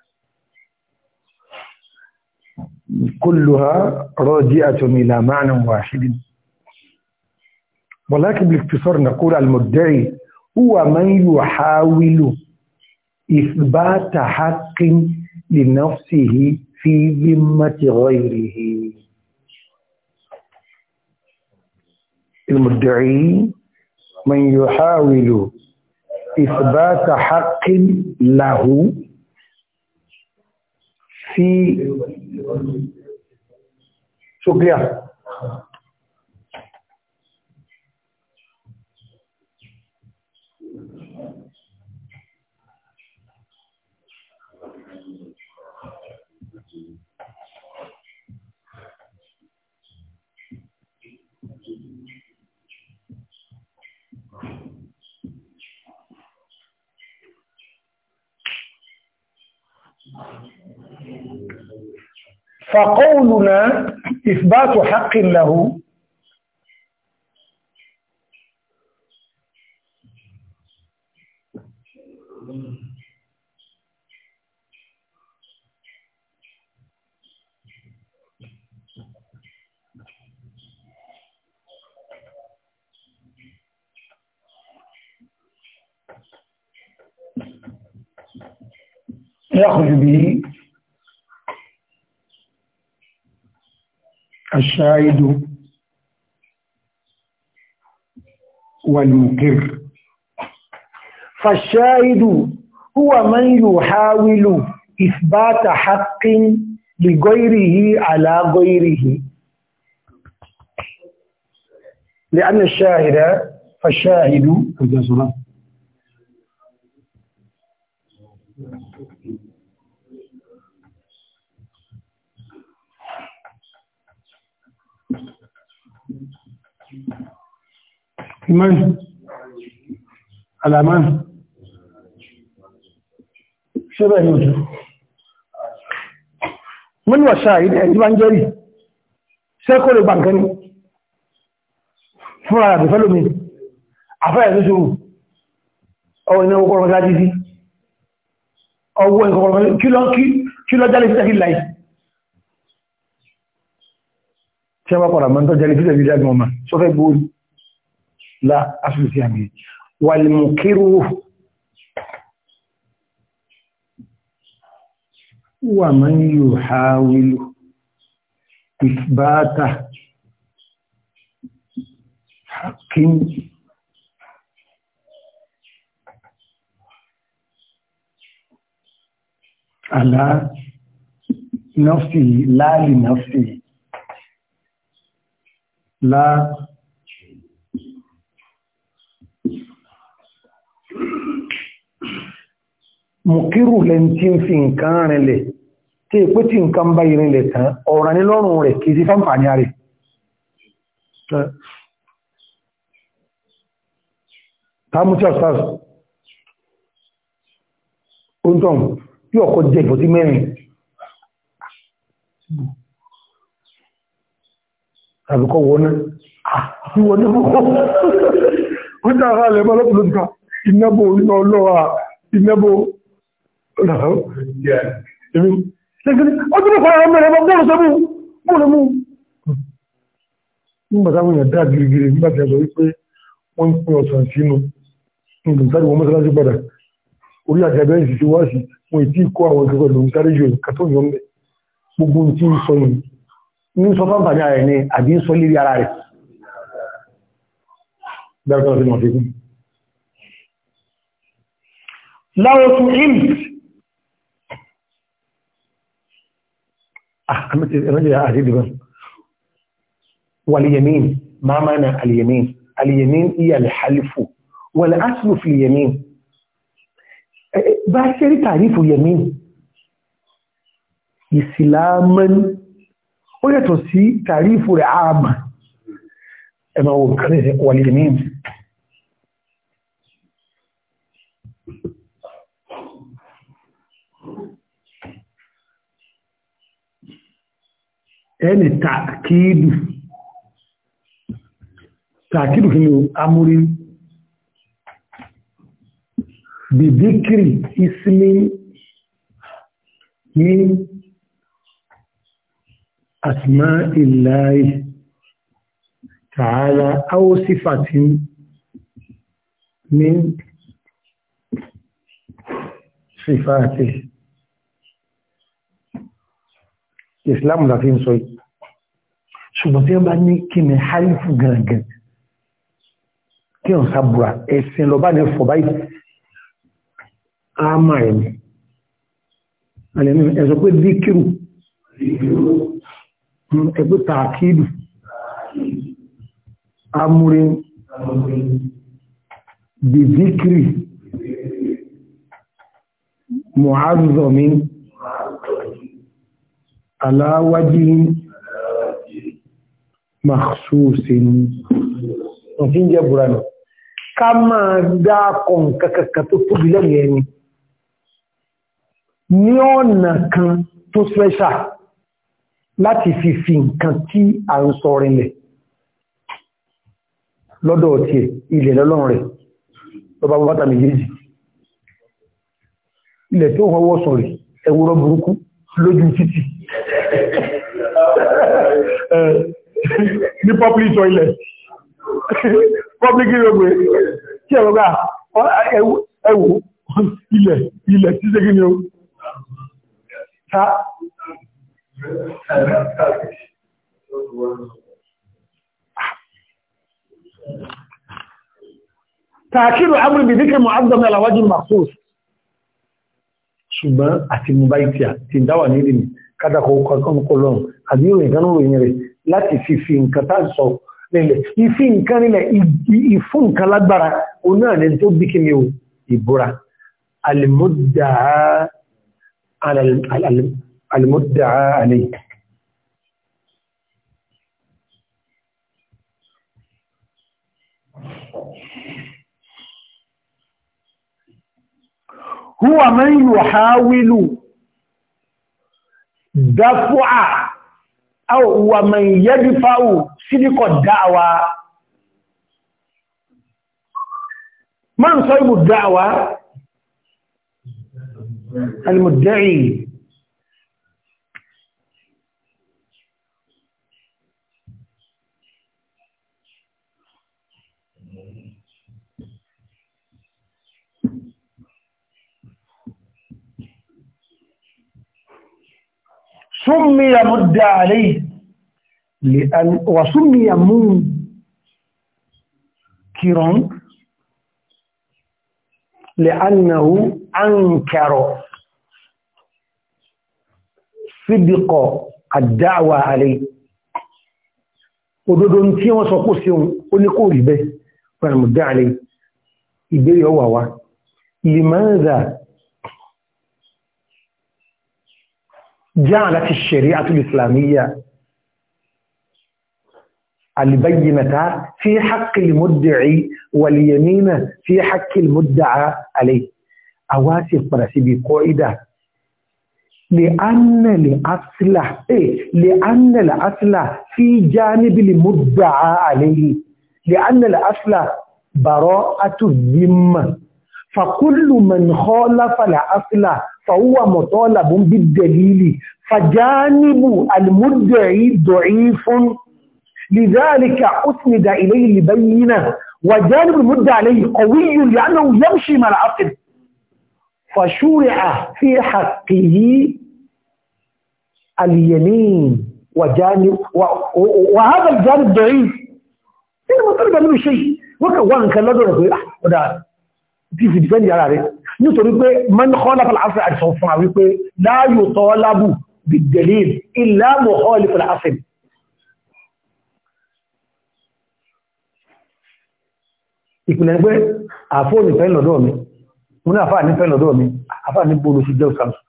Speaker 1: كلها راجعة إلى معنى واحد ولكن بالاختصار نقول المدعي هو من يحاول إثبات حق لنفسه في ذمة غيره المدعي من يحاول إثبات حق له في شكرا فقولنا إثبات حق له يخرج به الشاهد والمقر فالشاهد هو من يحاول إثبات حق لغيره على غيره لأن الشاهد فالشاهد iman alaman ṣe bẹ́ẹ̀ ni ojú mọ́ni wà ṣáà ilẹ̀ ẹ̀dí wọ́n jẹ́rì ṣẹ́kọ́ lè gbàǹkan ní fún ara àbẹ̀fẹ́ lómi àfẹ́yẹ̀ ní ṣòro ọwọ́ iná ọkọ̀ ọ̀rọ̀ láti sí ọwọ́ ìkọ̀ ọ̀rọ̀ kí lọ jálẹ̀ títàkì láì tí a wá pàràmọ́ tó jálẹ̀ títàkì láì لا أصل فيها مين والمكر ومن يحاول إثبات حق على نفسه لا لنفسه لا mùkírù lẹ́n tí ń fi nǹkan rinlẹ̀ tí è pé tí nǹkan bá ìrìnlẹ̀ tán ọ̀ràn ní lọ́rùn rẹ̀ kìí sí fáǹfààní rẹ̀ tàmútí ọ̀sán oúntọ́n yóò kọ́ jẹ ìbòtí mẹ́rin tàbí kọ́ wọ́n náà tí wọ́n náà wọ́n dára lẹ́mọ́ lọ́pùlọ́pùlọ́ ìnábò ìnáwó ọdún kan ọmọ ẹ̀rọ bọ́ọ̀lù sọ́bù bọ́ọ̀lù mú nígbà táwọn èèyàn dá gírígírí nígbà a sọ wípé wọ́n ń pín ọ̀sán sínú nǹkan sáré wọn mọ́sálásí padà orí àgàdá ìsì ti wá sí wọn ìtí kó àwọn ìkẹ́kọ̀ọ́ lòun sáré jù ẹ̀ka tó yọ mẹ́ gbogbo tí ń sọ yìí ní sọ fáńfà ní ara ẹ̀ ní àbí ń sọ lérí ara rẹ̀ dáadáa sí mọ̀ láwọn tún ìmì أحمد الرجل أهدي بس واليمين ما معنى اليمين اليمين هي الحلف والأصل في اليمين باشر تعريف اليمين إسلاما ويتوسي تعريف العام اما هو واليمين ẹni tàkìdù tàkìdù kí ni amúrí bìbíkìrì ismi ní asmá ìlàáì tààlà áwọ́sífàtí ní sífàtí ìsìláàmù láti ń sọ yìí ṣùgbọ́n tí wọ́n bá ní kí ni haifu gangan kí wọ́n sábúra ẹ̀sìn lọ bá ní fọ̀ báyìí àmà ẹ̀mí ẹ̀sọ́ pé díkìrù hmm, ẹgbẹ́ tààkìdù amúrin bìdíkìrì mọ̀ázọ̀mí aláwájí maṣúṣe ní ọ̀fí jẹ́ burana ká máa dákọ̀ kankankan tó tóbi lẹ́nu ẹni ní ọ̀nà kan tó ṣẹ́ṣà láti fi fi nǹkan tí a ń sọ rinlẹ̀ lọ́dọ̀ ọ̀tí ẹ̀ ilẹ̀ lọ́lọ́run rẹ̀ lọ́bá bọ́bátà méjèèjì ilẹ̀ tó họwọ́ sọ̀rẹ̀ ẹwúrọ̀ burúkú lójú títì ní public toilet public irogbe kí ẹ̀rọ gbà ẹwù ilẹ̀ ilẹ̀ tí ṣe kí ni o ta tààkìrò amúrìbì díkì mọ̀ ágbàmì aláwájú makhsus ṣùgbọ́n àti mú báyìí tí a ti dáwà ní ìrìnì kádàkọ̀ ọkọ̀ lọ́rùn àbí ìròyìn kan ròyìn rẹ̀ láti fi fi nǹkan tá sọ nílẹ̀ ìfi nǹkan nílẹ̀ ìfún nǹkan lágbára o náà tó bí kíni o ìbúra alìmúdàá àlè هو من يحاول dáfúà wà mọ̀ ìyẹ́bí fáwù sídíkọ̀ dáwà máa ń sọ ìbù dáwà alìmùdẹ́rì سمي مد عليه لأن وسمي منكرا لأنه أنكر صدق الدعوة عليه òdodo tí wọ́n sọ kó sí ohun ó ní kó rí bẹ́ pẹ̀lú dáàlẹ̀ ìbéèrè ọwà wa limaza جعلت الشريعة الإسلامية البينة في حق المدعي واليمين في حق المدعى عليه أواسف برسيب قاعدة لأن الأصل إيه؟ لأن الأصل في جانب المدعى عليه لأن الأصل براءة الذمة فكل من خالف الأصل فهو مطالب بالدليل فجانب المدعي ضعيف لذلك أسند إليه لبينه وجانب المدعي عليه قوي لأنه يمشي مع العقل فشرع في حقه اليمين وجانب وهذا الجانب ضعيف إنه مطالب منه شيء وكان كان لدرجة bí fi dìfẹ́ ìyára rẹ̀ nítorí pé man khalaf al-asr àti sọ fún àwí pé la yutalabu bid-dalil illa mukhalif al-asr ìpìlẹ̀ pé àfọ́ nífẹ́ lọ́dọ̀ mi mo ní àfáà nífẹ́ lọ́dọ̀ mi àfáà ní bóòlù sí jẹ́ ìsànsù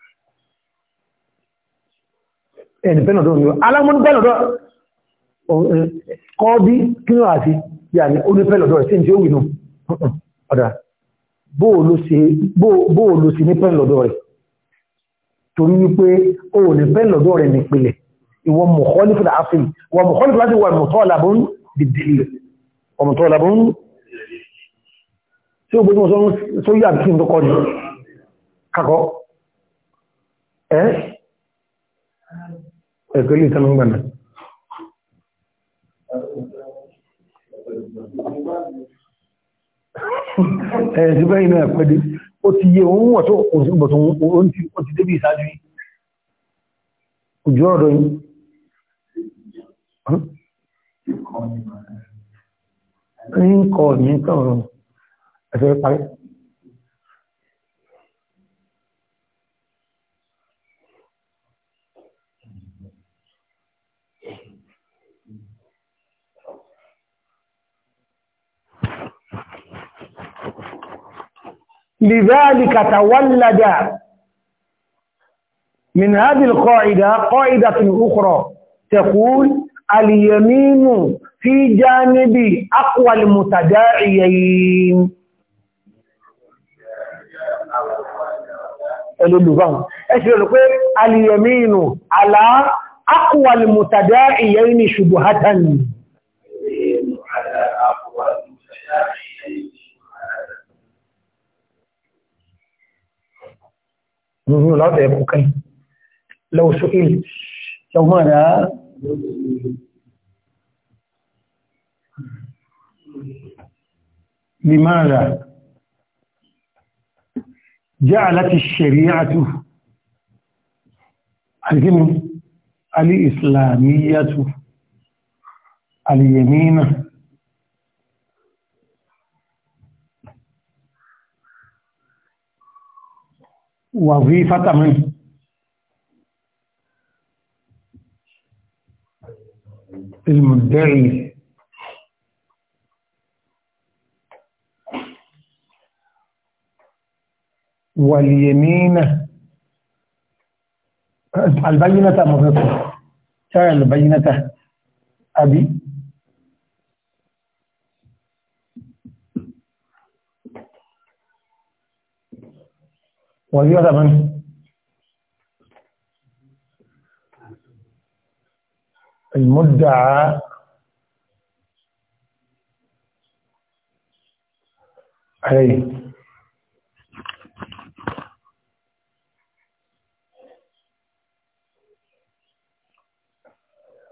Speaker 1: ẹni fẹ́ lọ́dọ̀ mi alámọ́ kọ́ bí kí ní àti yà ní ó nífẹ́ tí ó wì nù ọ̀dà bóòlù sí ní pẹ́ẹ̀lì lọ́dọ̀ rẹ̀ torí wípé o ní pẹ́ẹ̀lì lọ́dọ̀ rẹ̀ nípìnlẹ̀ ìwọ mọ̀kọ́lífù láàfin wọ mọ̀kọ́lífù láti wà mọ̀tọ́ọ̀lábún dìdìlẹ̀ ọmọtọ́ọ̀lábún tí ó gbogbo sọ yà kí n tó kọ́ ni kakọ́ ẹ́ ẹ̀kọ́ ilé ìtànà gbàmẹ́ ẹ̀yẹ̀ tí bẹ́yìn náà pẹ́dé ó ti yé òun wọ̀ tó òun ti débì ìsájú yìí òjò ọ̀dọ̀ yìí ń kọ́ ní tọ̀rọ̀ ẹ̀fẹ́ parí لذلك تولد من هذه القاعدة قاعدة أخرى تقول اليمين في جانب أقوى المتداعيين اليمين على أقوى المتداعيين شبهة اليمين على أقوى المتداعيين nínú láti ẹ̀kù kan lọ́wọ́sọ ìlú yau máa rá limára jẹ́ aláti ṣẹ̀ríyàtù alìkínú alìsìlámíyàtù alìyẹ̀mínà وظيفة من المدعي واليمين البينة مضيطة البينة أبي وهي ثمن المدعى عليه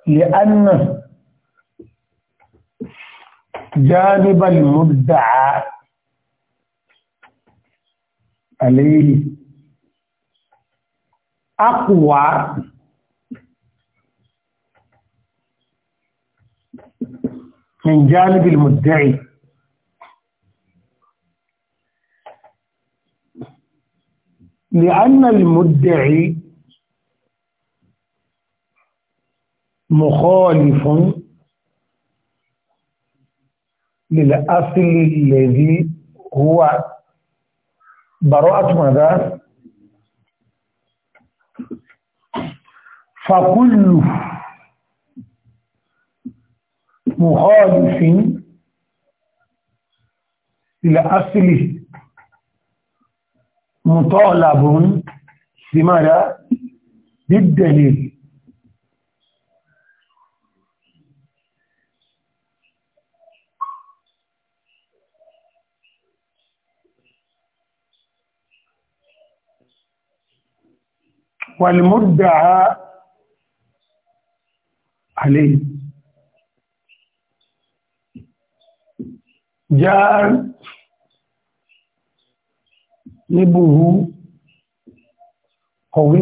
Speaker 1: لأن جانب المدعى عليه أقوى من جانب المدعي لأن المدعي مخالف للأصل الذي هو براءة ماذا فكل مخالف لأصله مطالب بماذا بالدليل والمدعى عليه جاء نبوه قوي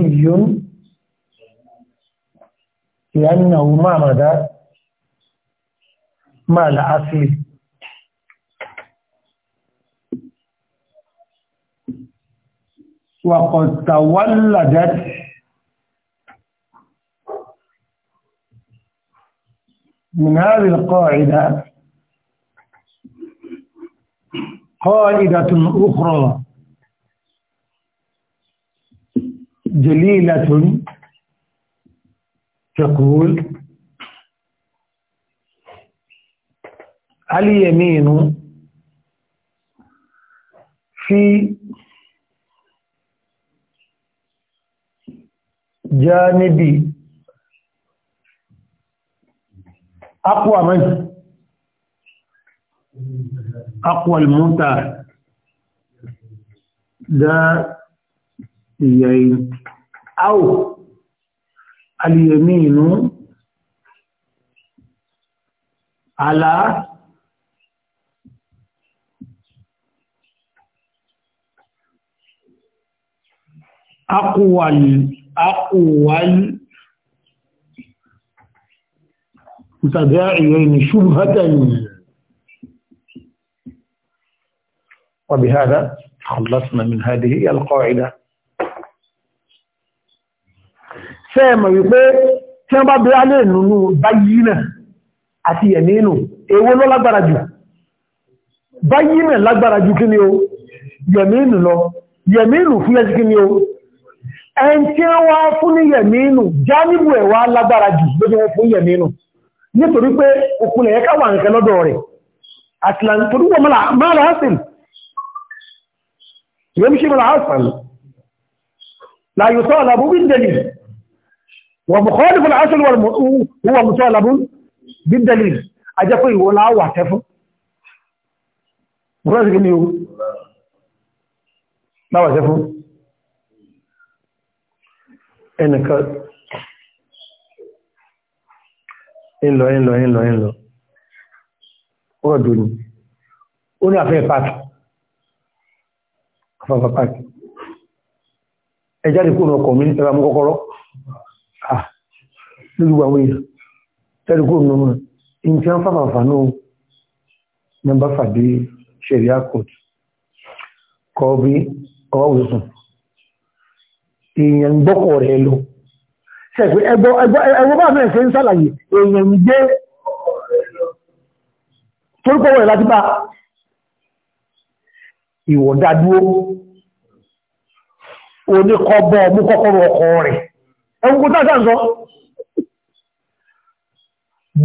Speaker 1: لأنه ما مدى ما العصير وقد تولدت من هذه القاعدة قاعدة أخرى جليلة تقول اليمين في جانبي أقوى من أقوى الممتع ده يين أو اليمين على أقوى أقوى متداعيين شبهة وبهذا خلصنا من هذه القاعدة سيما يقول tí wọ́n bá bẹ̀rẹ̀ alẹ́ ìnúnú báyínà àti ẹ̀mínú èwo ló lágbára jù báyínà lágbára jù kí ni o yẹ̀mínú lọ yẹ̀mínú fún ẹ̀sì kí ni o ẹn tí wọ́n fún ní yẹ̀mínú jánibù ẹ̀wà lágbára jù lójú fún yẹ̀mínú nítorí pé òkúlẹ̀ ẹ̀ká wà nǹkan lọ́dọ̀ rẹ̀ àtìlàntòrúwọ̀ mọ́lá hásìn yẹ́mṣẹ́ mọ́lá hásìn láyòtọ́ alábú bíndẹ̀lì wà mọ̀kọ́lù fún hásìn wà mọ̀tọ́ alábú bíndẹ̀lì ajẹ́kọ́ ìwọ láwà tẹ́fún ẹnìkan ńlọ ńlọ ńlọ ńlọ ọ̀dọ̀ ni ó ní àfẹ́ pàtì àfàfà pàtì ẹjáde kúrò ọkọ̀ mi ní ẹbà mú kọ́kọ́rọ́ lórí àwọn èèyàn tẹ́rì kúrò nínú in tí wọ́n fàfàfà náà nọmbà fàdé ṣẹ̀ríà court kọ́ bí ọwọ́ òsùn èèyàn gbọ́kọ̀ rẹ̀ lọ ṣẹ̀fẹ̀ ẹgbọ́ bá mẹ́rin ṣe ń sàlàyé èèyàn ń gbé torúkọ wọ̀ láti bá ìwọ̀dá dúró oníkọ́bọ̀ mú kọ́kọ́rọ̀ ọkọ̀ rẹ̀ ẹgbùkú tàṣà ń sọ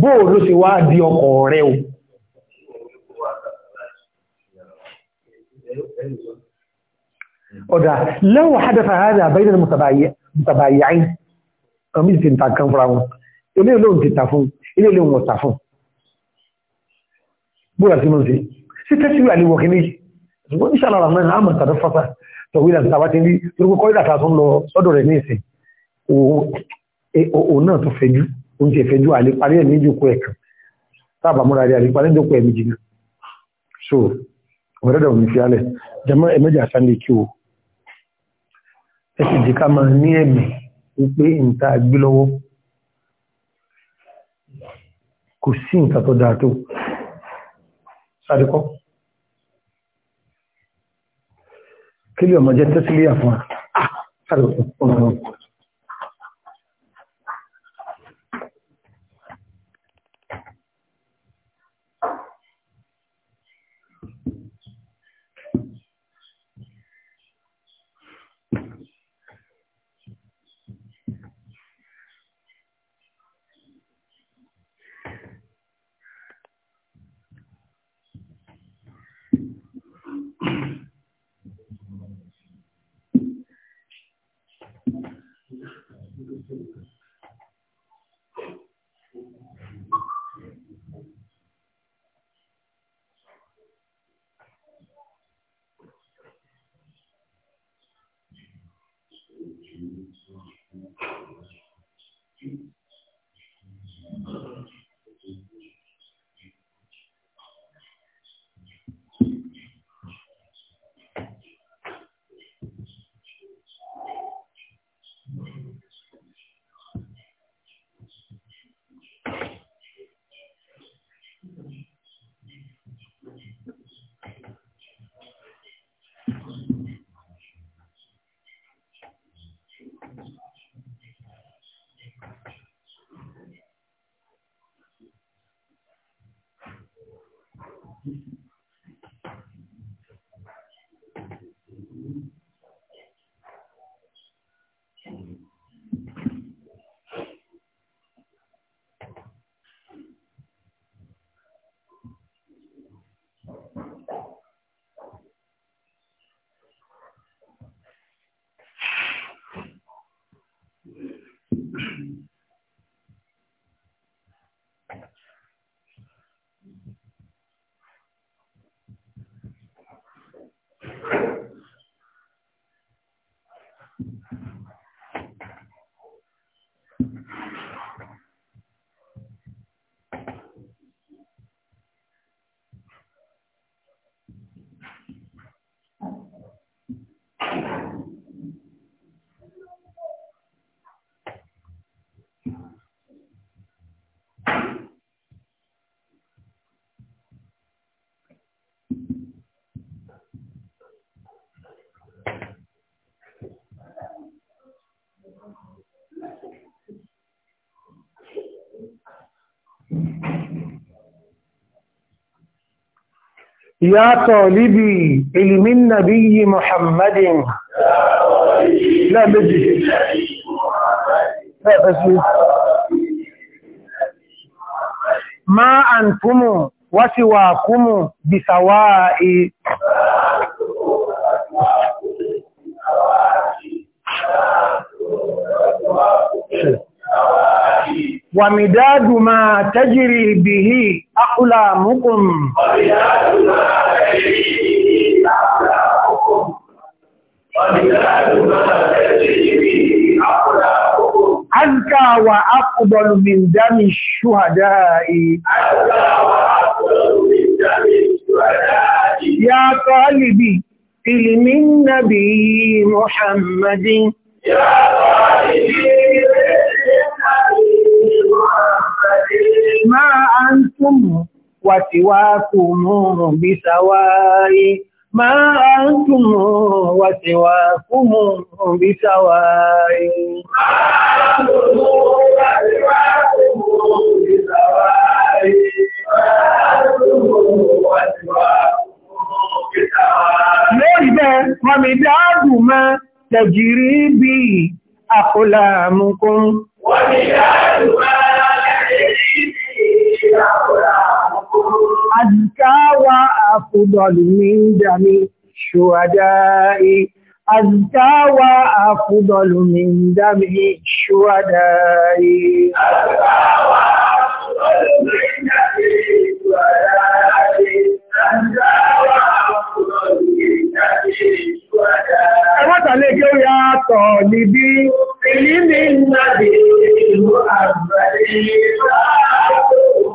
Speaker 1: bóò ló ṣe wá di ọkọ̀ rẹ̀ o ọ̀dà lẹ́wọ̀ hádẹ́fà hádẹ́ àbáyé mutabayyin àwọn méjì ti ń ta kan fúnra wọn ilé ìlú òun ti ta fún ilé ìlú òun ọ̀tà fún bóyá sí mọ́sí sí tẹ́sí wà ní wọ̀kí méjì ṣùgbọ́n ní ṣàlàrà náà àmà tàbí fásá tọ̀wé náà tàbá ti rí lórúkọ kọ́ ìdàtà tó ń lọ sọ́dọ̀ rẹ̀ ní ìsìn òun e, náà tó fẹjú oúnjẹ fẹjú àlè ẹ̀ méjì kó ẹ̀kan tábà múra rí àlè parí dọ́kọ̀ ẹ̀ méjì so ọ̀rẹ́dọ̀ mi fi alẹ̀ jẹ́mọ́ ẹ̀mẹ́jì àsánlé kí o ẹ sì máa ní ẹ̀mí wípé nǹkan àgbé lọ́wọ́ kò sí nǹkan tó dáa tó sádìkọ́ kí lè ọmọ jẹ́ tẹ́sílẹ̀ àfún sádìkọ́ Thank you. يا طالبي علم النبي محمد لا بجي لا بجي ما أنتم وسواكم بسواء ومداد ما تجري به أعلامكم أزكى وأفضل من دم الشهداء أزكى وأفضل من دم الشهداء يا طالبي علم النبي محمد يا طالبي ما أنتم وسواكم بسواء ما أنتم وسواكم بسواء Lóòjẹ́ Mọ̀mídáàdù mọ́ tẹ̀jìrí bí àkọlàmùkún. Wọ́n ni dáàdù mọ́ أزكى وأفضل من دم الشهداء أزكى وأفضل من دم الشهداء أزكى وأفضل من دم الشهداء أزكى وأفضل من دم الشهداء Ẹwọ́tàlé kí ó yàtọ̀ níbí, èyí ni nàbí ìlú àgbàlẹ̀ ìlú àgbàlẹ̀.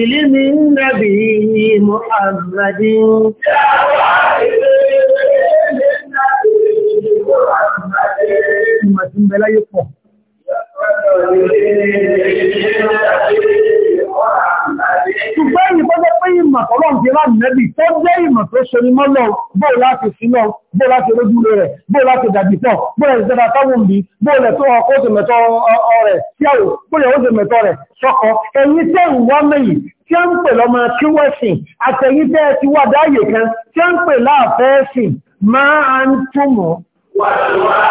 Speaker 1: إلم النبي محمد Ìmọ̀ tí ń bẹ láyé pọ̀ ṣùgbọ́n ìyí tọ́jọ́ pé ìmọ̀ tọ́lọ́ ti rán nẹ́bì tó jẹ́ ìmọ̀ tó ṣe ní mọ́lọ̀ bó láti sílọ bó láti rójú rẹ̀ bó láti dàbí pọ̀ bó lẹ̀ ìjọba táwọn bí bó lẹ̀ tó ọkọ̀ ó sì mẹ́tọ́ rẹ̀ tí àwò bó lẹ̀ ó sì mẹ́tọ́ rẹ̀ sọ́kọ ẹ̀yìn tẹ́ ń wá mẹ́yìn tí ó ń pè lọ́mọ kí wọ́n sìn àtẹ̀yìn tẹ́ ti wá dáàyè kan tí ó ń pè láàfẹ́ sìn máa ń túmọ̀. wàá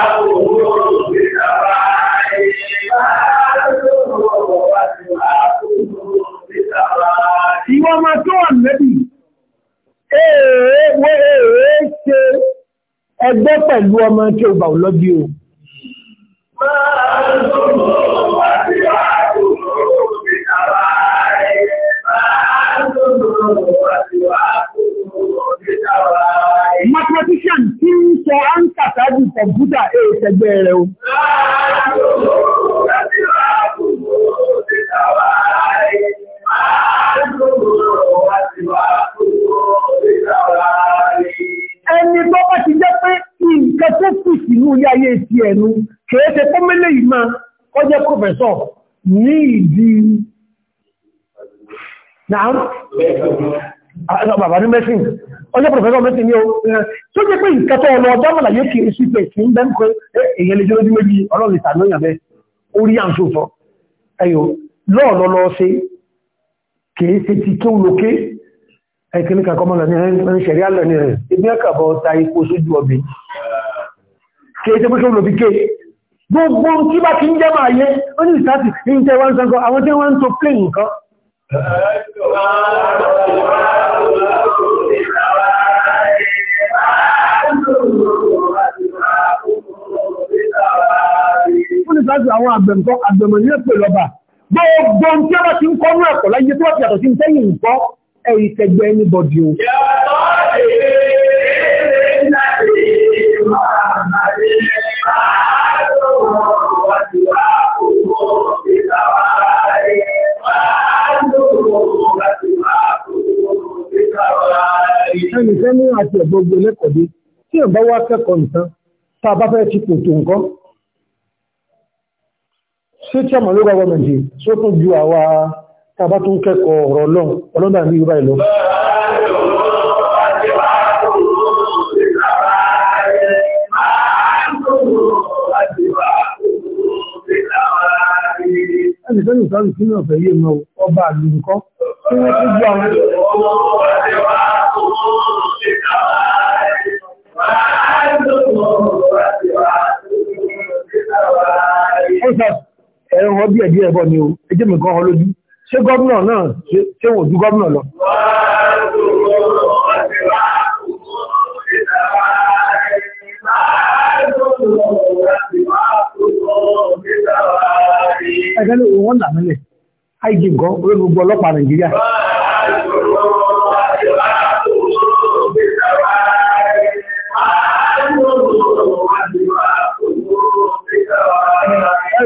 Speaker 1: ìwọ ọmọ tó wà nẹ́bì èèwé èèwé ṣe ẹgbẹ́ pẹ̀lú ọmọ tí ó bà lọ́bí o mathematician tí ń sọ áńkà sáájú kọ̀mpútà èèṣẹ̀gbẹ́ rẹ̀ o. Láàrín òun, láti rà á kùn ó, ó ti Ẹni tó bá ti jẹ́ pé nǹkan tó kù sínú ilé ayé ti ẹnu, kìí ṣe tó mẹ́lẹ̀ ìmá, ó jẹ́ pòfẹ́sọ̀ ní ìdí náà. Bàbá ní mẹ́sìn, ó jẹ́ pòfẹ́sọ̀ mẹ́sìn ní o. Tó jẹ́ pé nǹkan tó ọ̀nà ọjọ́ mọ̀láyé kìí sí pẹ̀ sí ń bẹ́ ń kọ́ èyàn lè jẹ́ lójú méjì ọlọ́run ìtànú ìyàbẹ́ orí àǹsòfọ́. Ẹyọ, lọ́ọ̀lọ́lọ́ ṣe kìí ṣe ti kí ó lókè ẹ̀kìní kàkọ́mọ́ lọ ní ẹni ṣẹ̀rí àlọ́ ní rẹ̀ ibi ẹ̀kàbọ̀ ta ipò sójú ọbẹ̀ kìí ṣe pẹ́ṣọ́ lòbí ké gbogbo tí bá ti ń jẹ́ máa yẹ ó ní ìsáàtì ní tẹ́ wọ́n sọ́kọ́ àwọn tí wọ́n ń tó plé nǹkan ó ní ìsáàtì àwọn àgbẹ̀mọ̀ ní ẹ̀pẹ̀ lọ́ba gbogbo tí a bá ti ń kọ́ ní ẹ̀kọ́ láyé tó wáti yàtọ̀ sí tẹ́yìn nǹkọ́ ẹ̀yìn tẹgbẹ́ anybody o. ẹnìkan ní àti ẹ̀gbọ́gbọ́ lẹ́kọ̀ọ́dé tí ẹ̀bá wá kẹ́kọ̀ọ́ nìkan tá a bá fẹ́ ti pòtò nǹkan ṣé tí ọmọ lórí ọwọ́ méjì tí ó tún ju àwa tàbá tún kẹ́kọ̀ọ́ ọ̀rọ̀ ọlọ́run ọlọ́dà ní yorùbá ìlú. ẹnìkan yóò ẹ̀rọ díẹ̀ díẹ̀ bọ̀ ni o ẹjẹ́ mi kan ọ lójú ṣé gómìnà náà ṣé wò ju gómìnà lọ. ẹgbẹ́ ni wọ́n nà mílẹ̀ àìjì nǹkan orí gbogbo ọlọ́pàá nàìjíríà.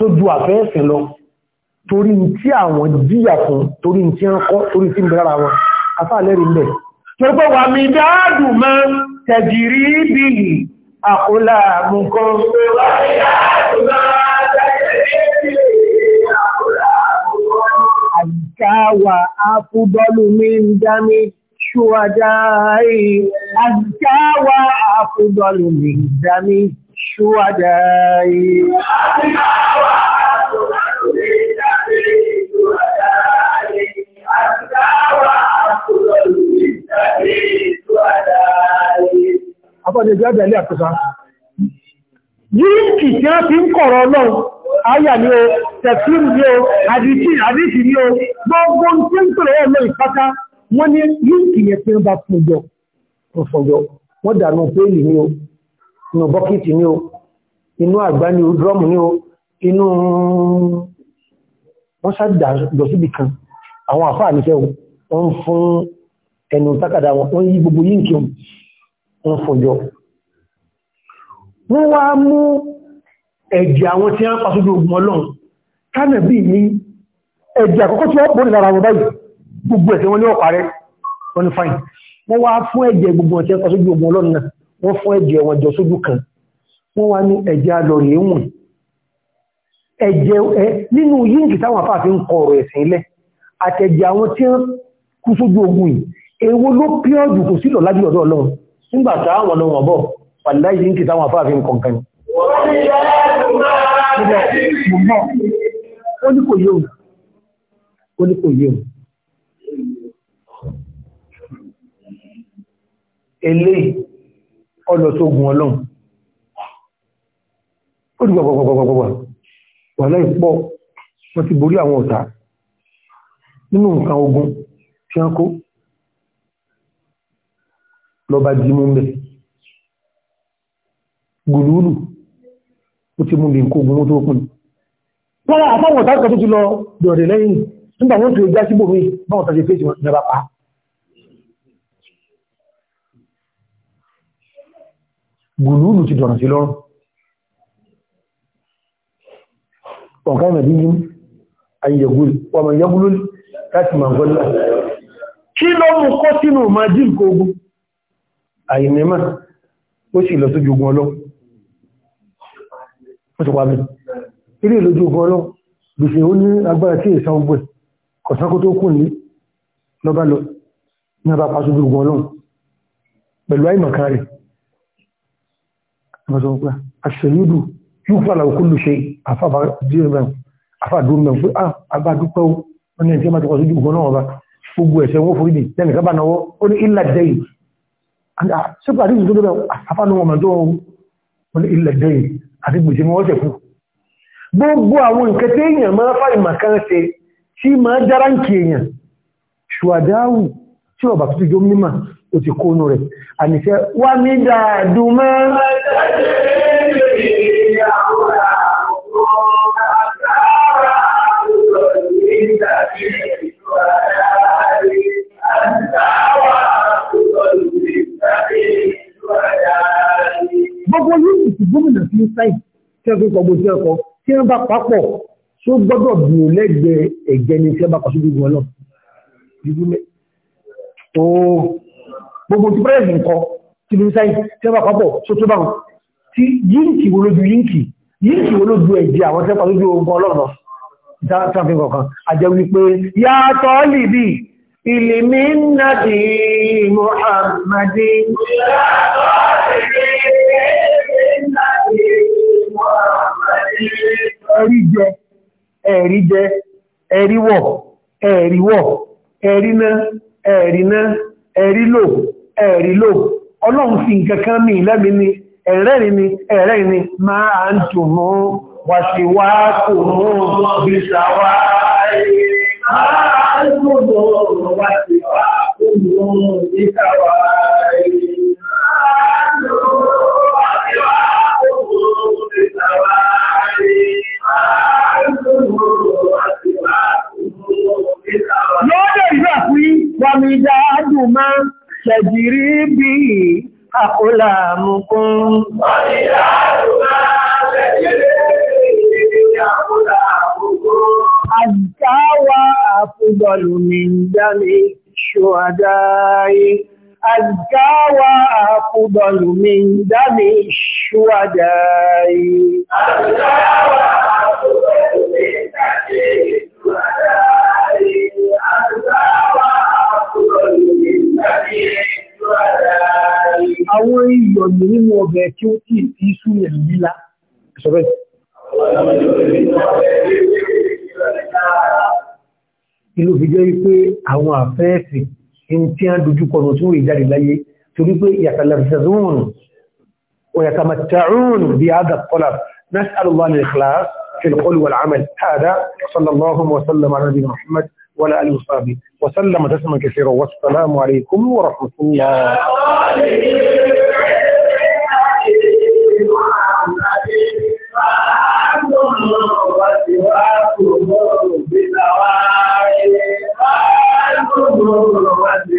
Speaker 1: tó ju àfẹ́ẹ̀sìn lọ torí tí àwọn jíyà fún torí tí ń kọ́ torí tí ń bẹ̀rẹ̀ ara wọn afáàlẹ́rì ń bẹ̀. tẹ́gbọ́ wà mí dáàdù mọ́ tẹ̀jìrí bí i àkólà mùkan àjíkáwà àfúdọ́lù mi ń dámi ṣúwájá rí àjíkáwà àfúdọ́lù mi ń dámi ṣúwájá شهداء Àbọ̀dé jẹ́ bẹ̀lẹ̀ àtúsá. Yíkì tí a fi ń kọ̀rọ̀ ọlọ́run, ayà ni o, tẹ̀fíìmù ni o, àdìsí, àdìsí ni o, gbogbo tí ń tọ̀rọ̀ ọlọ́run ìpátá, wọ́n ní yíkì yẹn tí ó bá fún ọjọ́, wọ́n dànù pé ìlú ni o, inú bọ́kìtì ni o inú àgbá ni o drọ́mù ni o inú wọ́n ṣáàdà lọ síbi kan àwọn àfáà nífẹ́ wọ́n fún ẹnu tákàdá wọn wọ́n yí gbogbo yí nkí wọ́n fòjọ́ wọ́n wá mú ẹ̀jẹ̀ àwọn tí wọ́n pàṣójú ogun ọlọ́run kánàbí ní ẹ̀jẹ̀ àkọ́kọ́ tí wọ́n bó lára wọn báyìí gbogbo ẹ̀sẹ̀ wọn ní ọ̀pá rẹ̀ wọ́n ní fáìn wọ́n wá fún ẹ̀jẹ̀ gbogbo ọ̀tí pàṣójú ogun ọlọ́run náà wọ́n fún ẹ̀jẹ̀ wọn jọ sójú kan wọ́n wá ní ẹ̀jẹ̀ alọ̀rẹ̀ ìwọ̀n ẹ̀jẹ̀ ẹ̀ nínú yíǹkì táwọn àfáà fi ń kọ ọ̀rọ̀ ẹ̀sìn ilẹ̀ àtẹ̀jẹ̀ àwọn tí wọ́n kú sójú ogun yìí èwo ló píọ̀jù kò sílọ̀ lájú ọ̀dọ̀ ọlọ́run nígbà táwọn eléyìí ọlọ̀ tó gun ọlọ́run ó dùgbà gbọ̀gbọ̀gbọ̀gbọ̀ wà láì pọ̀ wọ́n ti borí àwọn ọ̀tá nínú nǹkan ogun tí wọ́n kó lọ́ba jí mú mẹ́ gbùlúùlù ó ti mú bí nǹkan ogun tó kún wọ́n àtàwọn ọ̀tá kan tó ti lọ lẹ́yìn nígbà wọ́n tó já síbò mí báwọn tàbí fèsì wọn ìjọba pa á gùlúùlù ti dọ̀nà sí lọ́rùn ọ̀ká ìmẹ̀dí yìí ayẹ̀gúlù ọmọ ìyẹ́gúlù láti ma gọ́lá kí ló mú kọ́ sínú ma jí nǹkan ogun àìnẹ́mà ó sì lọ sójú ogun ọlọ́ ó ti pàmì ilé ìlójú ogun ọlọ́ gbèsè ó ní agbára wọ́n sọ pé àṣẹyúdù yóò fà láwù kúlù ṣe àfàdúró mẹ́rin pé àbádúpẹ́ ah, ó wọ́n ní ẹ̀jẹ̀ máa ti kọ́ sójú ìgbọ́n náà wà gbogbo ẹ̀ṣẹ̀ wọ́n forí dì lẹ́nu kábà náwọ́ ó ní ilà dẹ́yìn ah, ṣépà àdìsí tó débẹ̀ àfáànù wọn mọ̀jọ́ wọn ní ilà dẹ́yìn àti gbèsè wọn ṣẹ̀kú gbogbo àwọn nǹkan tí ṣe tí tó ti mímọ̀ ó ti kónú rẹ̀. Àníṣẹ́ wá ní dáadùn mọ́. Gbogbo yìí ti gómìnà fi ń sáì tí wọ́n fi ń kọgbó sí ẹ̀kọ́ tí wọ́n bá papọ̀ tó gbọ́dọ̀ bí lẹ́gbẹ̀ẹ́ ẹ̀jẹ̀ ni tí wọ́n bá kọ́ sí gbogbo ọlọ́run gbogbo ti bẹ́ẹ̀rẹ̀ nǹkan ti ní sáì tẹ́bà pápọ̀ tó tó báwọn tí yíǹkì wo lójú yíǹkì yíǹkì wo lójú ẹ̀jẹ̀ àwọn tẹ́pà lójú ogun ọlọ́run sáfin kọ̀ọ̀kan àjẹ́ wípé yàtọ̀ lìbì ìlìmí nàdì muhammadi ẹ̀rí jẹ ẹ̀rí jẹ ẹ̀rí wọ̀ ẹ̀rí wọ̀ ẹ̀rí ná ẹ̀rí ná ẹ̀rí lò ẹ̀rí lò ọlọ́run fi nǹkankan mi lẹ́mi ni ẹ̀rẹ́rin ni ẹ̀rẹ́rin ni máa ń tò mú wàṣíwá kò mú bíṣàwá Lọ́dẹ̀ ìgbà fún wàmìdá àdùn máa tẹ̀jìrí bí àkólà mùkún. Wọ́n ní àrùbá tẹ̀jìrí bí àkólà mùkún. Àjáwà àfúgbọ̀lù mi ń dámi ṣòadáyé. Àjáwà àfúgbọ̀lù mi ń dámi mi ń àwọn ويتمتعون بهذا الطلب نسأل الله الإخلاص في القول والعمل هذا صلى الله وسلم على نبينا محمد وعلى آله وصحبه وسلم تسلما كثيرا والسلام عليكم ورحمة الله lọ́wọ́ lọ́wọ́